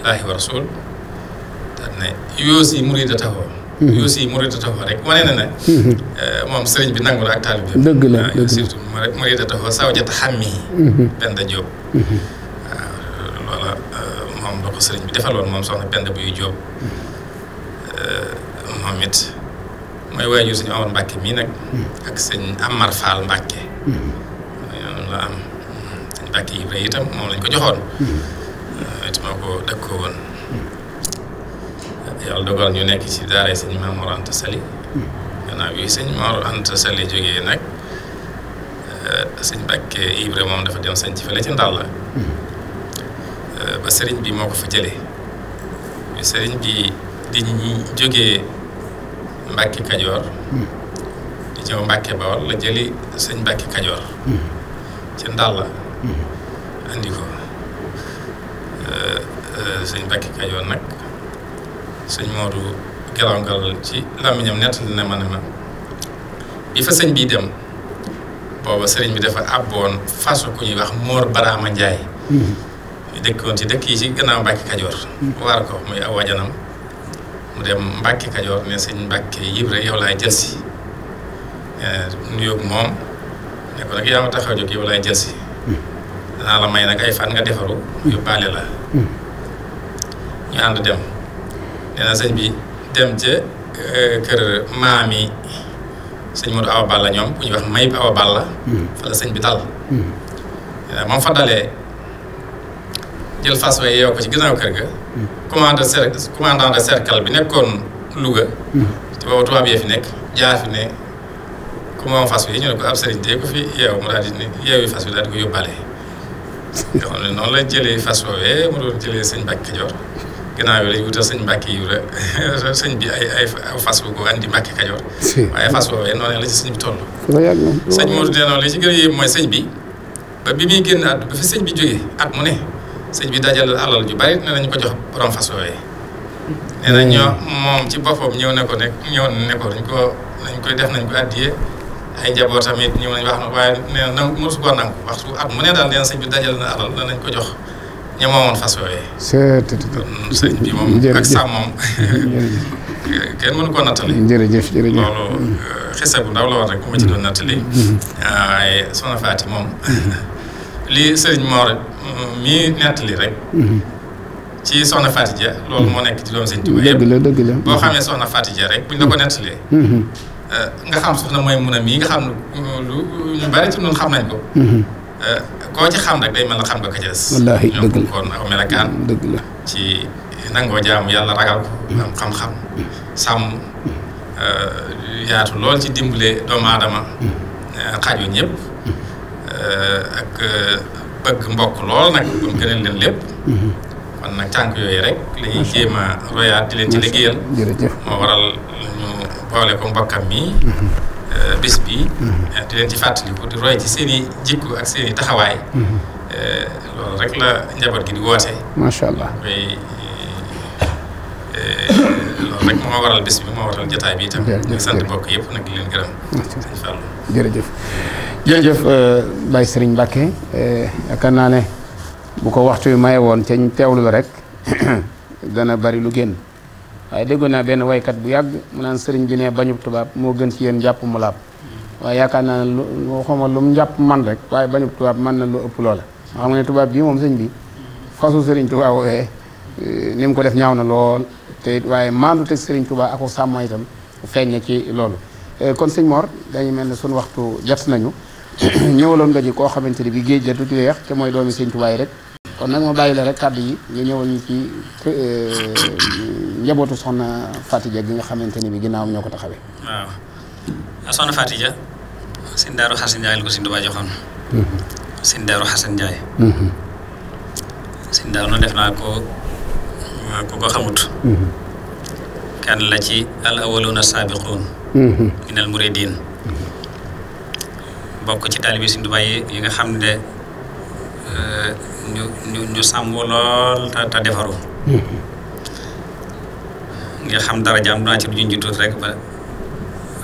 laahi wa rasul daal ne yoosi murida taxoo mhm. yoosi murida taxoo rek wane na mhm. euh, moom sëriñ bi nangu la ak ah, taalib bi dëgg la surtout ah, euh, moom la ko bi defaloon Jóob moom it mooy waajur suñu amoon Mbàkke mii nag ak sëñ Amar Fall Mbàkke la am Mbàkke Ibra itam moom lañ ko joxoon hmm. it moo ko dëkkoo woon yàlla dogal ñu nekk ci daara sëñ Mamour Anta Sali hmm. gannaaw bi sëñ Mamour Anta Sali jógee nag eh, sëñ Mbàkke Ibra moom dafa dem sañ ci fële ci ndàll la hmm. eh, ba sëriñ bi moo ko fa jëlee bi sëriñ bi di jógee Mbàkke Kajoor di ñëw Mbàkke Bawol la jëli sëñ Mbàkke Kajoor ci ndàll andi ko euh, euh, sëñ Mbàkke Kajoor nag sëñ Moodu garaw ci làmmiñam nettali na ma bi fa sëñ bii dem booba sëriñ bi dafa àbboon fasu ku ñuy wax Moor Baraama Njaay dëkkoon ci dëkk yi ci gannaaw Mbàkke Kajoor waar ko muy aw wajanam mu dem Mbàkke Kajoor ne sëñ Mbàkke Ibra yow laay jëlsi euh, nuyoog moom ne ko yaa ma tax a jóg yow laay hmm. danaa la may nag ay fan nga defaru hmm. yu baale la hmm. ñu ànd dem nee na sëñ bi dem ca euh, kër maami sëñ Modou Awa Balla ñoom bu ñuy wax Mayib Awa Balla fa la sëñ bi dal moom fa dalee jël fas wa yeew ko ci ginnaaw kër ga commandant cercle commandant bi nekkoon Louga tubaab yee fi nekk jaar fi ne ku moom fas wi ñu ne ko ab sëriñ dee ko fi yeew mu daal di fas wi daal ko yóbbaale nga noonu lañ jëlee fas woowee mu doon jëlee sëñ Mbàkke Kajoor ginnaaw bi ay ay fas bu ko andi Mbàkke Kajoor waaye fas woowee noonu la ci sëñ bi toll sëñ Modou dee noonu li ci gën a yéem sëñ bi ba bi muy génn at ba fi sëñ bi jógee at mu ne sëñ bi dajal alal ju bari ne nañu ko jox borom fas woowee nee na moom ci boppam ñëw ne ko ne ñëw ne ko dañ ko nañ koy def nañ ko àddiyee ay njabootam it ñëw nañ wax na waaye nee na nangu mosu koo nangu waxtu at mu ne daal leen sëñ bi dajal na alal danañ ko jox ñi moomoon fas yooyee. Mm, sëñ bi moom ak sàmm moom mm. euh, la woon rek bu ma ci doon nattali. Mm-hmm. waaye soxna Faati mm-hmm. li sëriñ Mor mii mm, nattali rek. Mm-hmm. ci soxna Faati Ja loolu moo nekk ci doom sëñ Tuubaa yëpp la dëgg la boo xamee soxna Faati rek buñ la ko nattalee. Euh, nga xam soxna mooy mun a mii nga xam lu ñu bari ci ñun xam nañ ko. Mhm. Euh, koo ci xam rek day mel na xam nga ko ci des. wallaahi dëgg la kon aw melakaan. Mm, dëgg la ci nangoo jaamu yàlla ragal ko. Mm. am xam-xam sàmm euh, yaatu lool ci dimbale doomu aadama. Mm. xaaju ñëpp. ak bëgg mbokk lool nag bu mu gënal leen lépp. Mm-hmm. kon nag tànk yooyu rek. la ñuy jéem royaat di leen ci liggéeyal. moo waral ñu boole ko mbokkam mi mhm. euh, bés bi mhm. euh, di leen ci fàttaliku di roy ci seen i ak seen taxawaay mhm. euh, loolu rek la njaboot gi di woote macha allah koy loolu rek moo waral bés bi moo waral jotaay bi itam ñu sant mbokk nag leen gërëm sëñ Fallou jërëjëf jërëjëf Baye Serigne Mbacke naa ne bu ko waxtu yu maye woon ca ñu teewlu la rek dana bari lu génn waaye déggoon naa benn waykat bu yàgg mu naan sëriñ bi ne bañub tubaab moo gën ci yéen jàpp mu laab waaye yaakaar naa ne lu waxuma lu mu jàpp man rek waaye bañub tubaab man na lu ëpp loola nga xam tubaab bii moom sëñ bi fasu sëriñ tubaab woowee eh, ni mu ko def ñaaw na lool te waaye maandu teg sëriñ tubaab ako sàmma tam feeñ na ci loolu eh, kon sëñ Mor dañu mel ne suñu waxtu jot nañu ñëwaloon nga ji koo xamante ni bi géej la du weex te mooy doomi sëñ tubaab yi rek kon nag ma bàyyi la rek kàddu yi nga ñëwal ci euh, njabootu soxna Fatija gi nga xamante ni bi ginnaawam ñoo ko taxawee. waaw ah soxna Fatija. sëñ Daaru Xasan na la ko mm-hmm. mm-hmm. def naa ko ko xamut. Mm-hmm. kenn la ci al awwaluuna saabiquun. minal muridiin. bokk ci taalibe sëñ yi nga xam ne. Euh, ñu ñu ñu sàmm lool te te defaru hmm. nga xam dara jaam naa ci lu ñu rek ba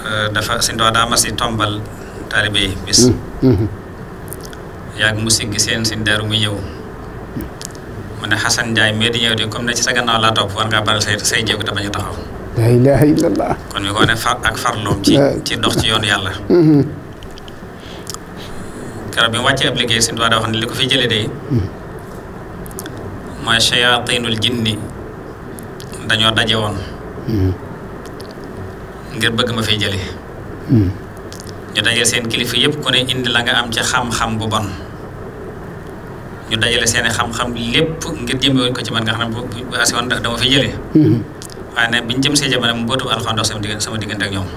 euh, dafa si ndox daa ma si tombal taalibe yi bis hmm. Hmm. yàgg mu sigg seen si deru mu mu ne Xasan Njaay mais di di comme ne ci sa gannaaw laa topp war ngaa baral say say jéego te bañ a taxaw kon mi ko ne far ak farloom ci ci dox ci yoonu yàlla keroog bi mu wàccee ab liggéey Sëriñ Tuubaa daa ne li ko fi jëlee de mooy sayaatinul jinni dañoo daje woon ngir bëgg ma fay jëlee ñu dajale seen kilifa yëpp ku ne indi la nga am ci xam-xam bu bon ñu dajale seen xam-xam lépp ngir jëmee ko ci man nga xam ne bu bu asiwoon dama fay jëlee waaye nag biñ jëm see jamono mu bootu alxuraan dox sama diggante sama diggante ak ñoom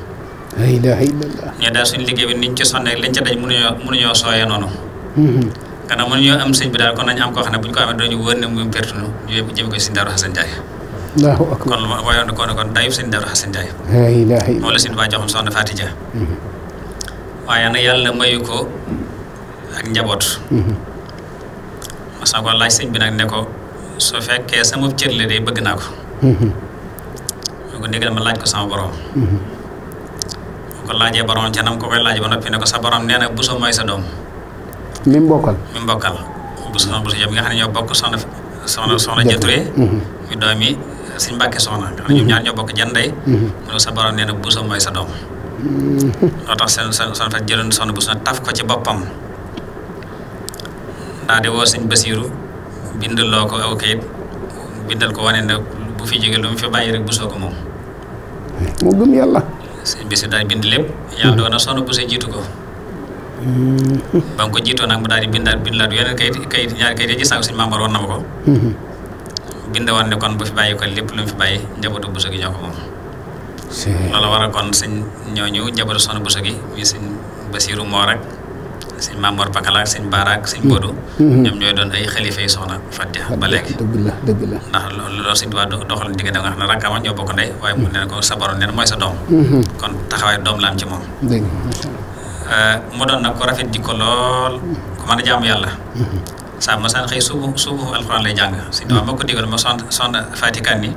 ilaha illallah ñee daal suñu liggéey bi niñ ci sonne liñ ci daj mënuñoo mënuñoo sooyee noonu gannaaw mm-hmm. mënuñoo am sëñ bi daal kon nañ am koo xam ne bu ñu ko amee dañu wër ne muy perte ñu ko sëñ Daaru Xasan Njaay Allahu akbar kon wayoon na kon kon dayub sëñ mm-hmm. waaye nag yàlla mayu ko ak njaboot mm-hmm. sëñ bi nag ne ko su fekkee sama cër day bëgg naa ko ñu ko ndigal ma laaj ko sama borom ko laajee borom ca nam ko koy laaj ba noppi ne ko sa borom nee na buso mooy sa doom. mi mbokkal mi mbokkal buso buso yëpp nga xam ne ñoo bokk soxna soxna soxna jëturee. Mhm. muy mhm. mu ne sa borom nee na buso mooy sa doom. Mhm. loo tax seen seen soxna fa taf ko ci boppam. daal di woo sëñ Basiiru bindaloo ko aw kayit bindal ko wane ne bu fi jógee lu mu fi bàyyi rek busoo ko moom. mu gëm yàlla. sëñ bi si daal bind lépp. yàlla doon sonn bu jiitu ko. Mm-hmm. ba nga ko jiitoo nag mu daal di bindaat bindaat yeneen kayit kayit ñaari kayit yi gis naa ko sëñ Maamor woon na ma ko. Mm-hmm. bind woon kon bu fi bàyyi ko lépp lu mu fi bàyyi njabootu bu segi ñoo ko moom. loolu waral kon sëñ ñooñu njabootu sonn bu segi muy sëñ Basiiru moo rek. sëñ Mamor Bakala ak sëñ Baara ak mm-hmm. ñoom ñooy doon ay xalifa yi soxna Fatiha ba léegi. dëgg la dëgg la ndax loolu loolu sëñ doxal ne rakkaama sa borom neen mooy sa doom. Mm-hmm. kon taxawaay doom la am ci moom. Euh, lool a mm-hmm. ma saan xëy suubu suubu alxuraan lay jàng sëñ Tuubaa ma ko digal ma son son Fatiha neen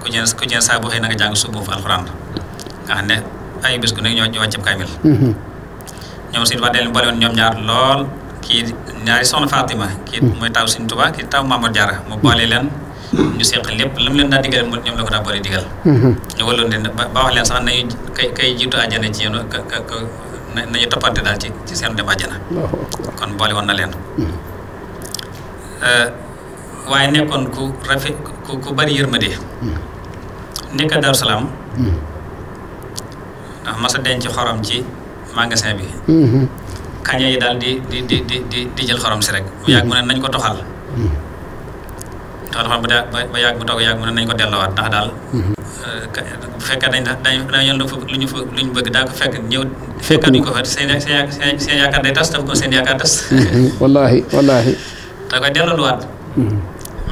ku ñeen xëy na jàng suubu alxuraan nga xam ne ay bés gu nekk ñoo ñu wàccab kaamil mhm. ñoom sëñ Tuubaa daleen boole woon ñoom ñaar lool kii ñaari soxna Fatima kii mhm. mooy taw sëñ Tuubaa kii taw Mamadou Diarra mu boole leen ñu seq lépp la mu leen daa digal mu ñoom la ko daa boole digal mhm. ñu waloon leen ba wax leen sax nañu kay kay jiitu àjjana ci yéen nañu toppante daal ci ci seen dem àjjana kon boole woon na leen euh, waaye nekkoon ku rafet ku ku bari yërmande nekk Daaru ndax masa denc xorom ci magasin bi mhm. kaña yi daal di di di di di jël xorom si rek bu yàgg mu ne nañ ko toxal toxal xorom ba yàgg bu toog yàgg mu ne nañ ko delloowaat ndax daal mhm. euh, bu fekkee dañ dañ dañoon lu ñu lu ñu bëgg daal ko fekk ñëw fekk duñ ko fa seen seen yaakaar day tas daf ko seen yaakaar tas mhm. wallaahi wallaahi da koy dellooluwaat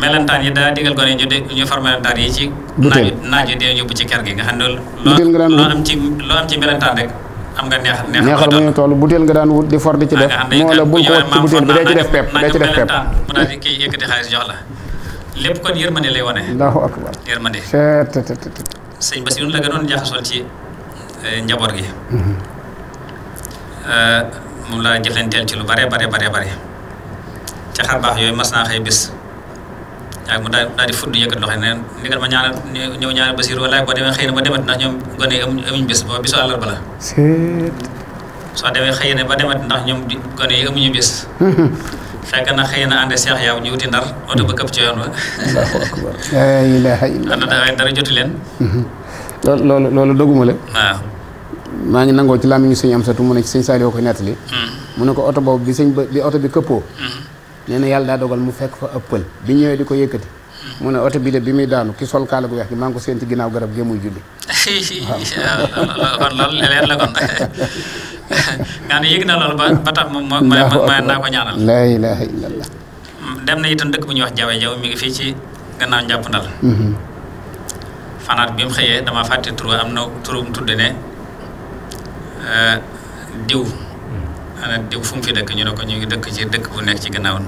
melentaan yi daa digal gone ñu de ñu far yi ci. butéel naaj yi dee yóbbu ci ker gi nga xam ne loolu. loo am ci loo am ci melentaan rek. am nga neex neexal bu ñu toll butéel nga daan wut di for di ci def. moo la bul ko wut ci butéel bi day ci def pepp day ci def pepp. mu daal di kii yëkkati xaalis jox la lépp kon yërmande lay wane. allahu akbar yërmande. sëñ Bassirou la eh, mhm. eh, moom laa jëflanteel ci lu bare bare bare bare ci xar baax yooyu mas naa xëy yaag mu daal daal di fudd yëkkat loxo neen li nga ma ñaanal ñëw ñaanal Basiir walaay boo demee xëy na ba demet ndax ñoom gone yi amuñ bés na ba demet ndax ñoom gone yi amuñu bés mhm. fekk na xëy na ànd seex yaaw ñu wuti ndar oto ba këpp ci yoon wa laa ilaaha mhm. doguma la waaw maa ngi nangoo ci làmmiñu sëñ am satu mu ko mhm. mu ne ko oto boobu bi sëñ bi oto bi këppoo nee yàlla daa dogal mu fekk fa ab bi ñëwee di ko yëkkati mu ne oto bi bi muy daanu ki sol kaala gu weex gi maa ngi ko seen ci ginnaaw garab gee muy julli kon loolu leer la kon nga ne yëg na loolu ba tax moom moo ma naa ko ñaanal laa ilaaha illallah dem na itam dëkk bu ñuy wax jawe jaw mi ngi fii ci gannaaw njàpp ndal fanaat bi mu xëyee dama fàtte tur am na turum tudde ne diw ana diw fu mu fi dëkk ñu ne ko ñu ngi dëkk ci dëkk bu nekk ci gannaaw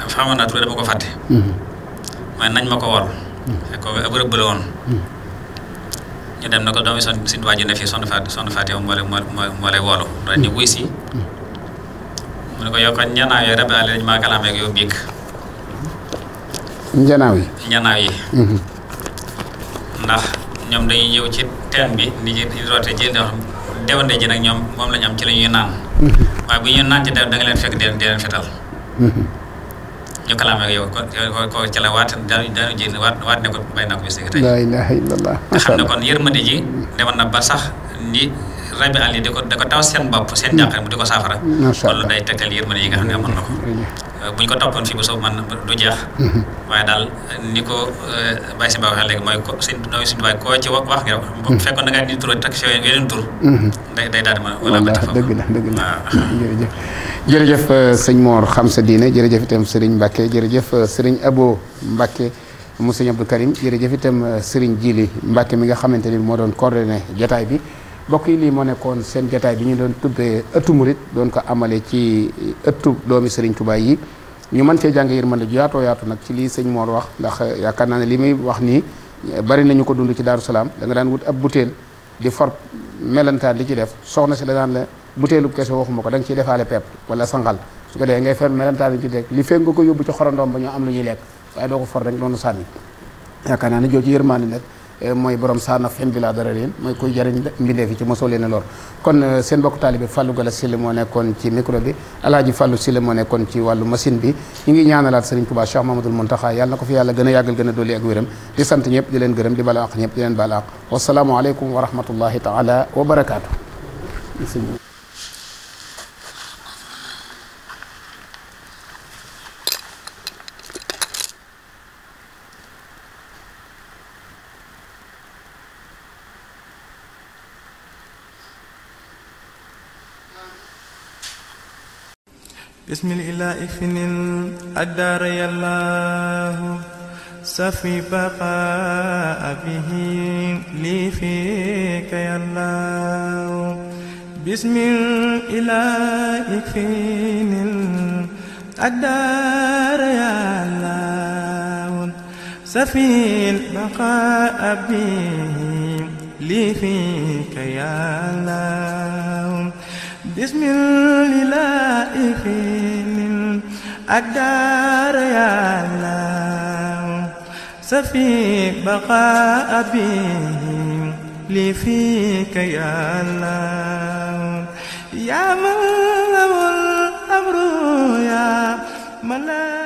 dafa xamoon a tur dama ko fàtte man mhm. nañ ma ko wol mhm. fekk ko ab rëbb la woon mhm. na ko doomi son si waaju ne fii sonn faat sonn faat ni wuy si mu ne ko yow kon yi rebe ale dañ maa kalaamee yow biig ñanaaw yi ñanaaw yi ndax ñoom dañuy ñëw ci teen bi ni rootee ci ndox dewande ji nag ñoom moom lañu am ci lañuy naan waaye bu ñu naan ci da nga leen fekk di leen fetal mm-hmm. ñu kalaam ak yow ko ci la waat daanu daanu ji waat waat ne ko bay naa ko bis tey la ilaha illallah nga xam ne kon yërmande ji demoon na ba sax ni rabi àll yi di ko di ko taw seen bopp seen jànqare mu di ko saafara mm-hmm. loolu day tegtal yërmande yi nga xam ne amoon na ko mm-hmm. euh, bu ñu ko toppoon fii ba soobu man du jeex mm-hmm. waaye daal ni ko euh, Baye Simba waxee léegi mooy ko sëñ nooy sëñ Tuubaa koo ci wax wax nga bu fekkoon da ngaa di tur tak si yeneen tur day day daal di mën wala ba taxaw dëgg la dëgg ah. la jërëjëf jërëjëf euh, sëñ Mor xam sa diine jërëjëf itam sëriñ Mbacke jërëjëf sëriñ Abo Mbacke mu sëñ Abdou Karim jërëjëf itam sëriñ Jili Mbacke mi nga xamante ni moo doon coordonné jataay bi bokk yi lii moo nekkoon seen jotaay bi ñu doon tuddee ëttu murit doon ko amale ci ëttu doomi Serigne tubaay yi ñu man mën cee jàng yërmande ju yaatoo yaatu nag ci lii sëñ Mor wax ndax yaakaar naa ne li muy wax nii bari nañu ko dund ci Daaru Salaam da nga daan wut ab butéel di for melantaan li ci def soxna si da daan la butéelu kese waxuma ko da nga ciy defaale pepp wala sangal su ko defee ngay fer melantaan li ci def li fekk ko yóbbu ci xorandoom ba ñu am lu ñuy lekk waaye doo ko for rek noonu sànni yaakaar naa ne jooju yërmande nag Eh, mooy borom saana fen bi laa dara leen mooy kuy jariñ mbindeef ci mosoo leen a lor kon eh, seen bokk taalibe Fallou Gala Sylla moo nekkoon ci micro bi alaaji Fallou Sylla moo nekkoon ñu ngi ñaanalaat Sëriñ Tuubaa Cheikh Mamadou Mountakha yàlla na ko fi yàlla gën a yàggal gën a dolli ak wéram di sant ñëpp di leen gërëm di bala aq di leen bala aq wasalaamualeykum wa rahmatullahi taala wa barakaatu بسم الإله فن الأدار يا الله سفي بقاء به لي فيك يا الله بسم الإله فن الأدار يا الله سفي البقاء به لي فيك يا الله bismillahi finin addaara yàlla safi baqa abihim li fika yàlla yaa man amul amru yaa mala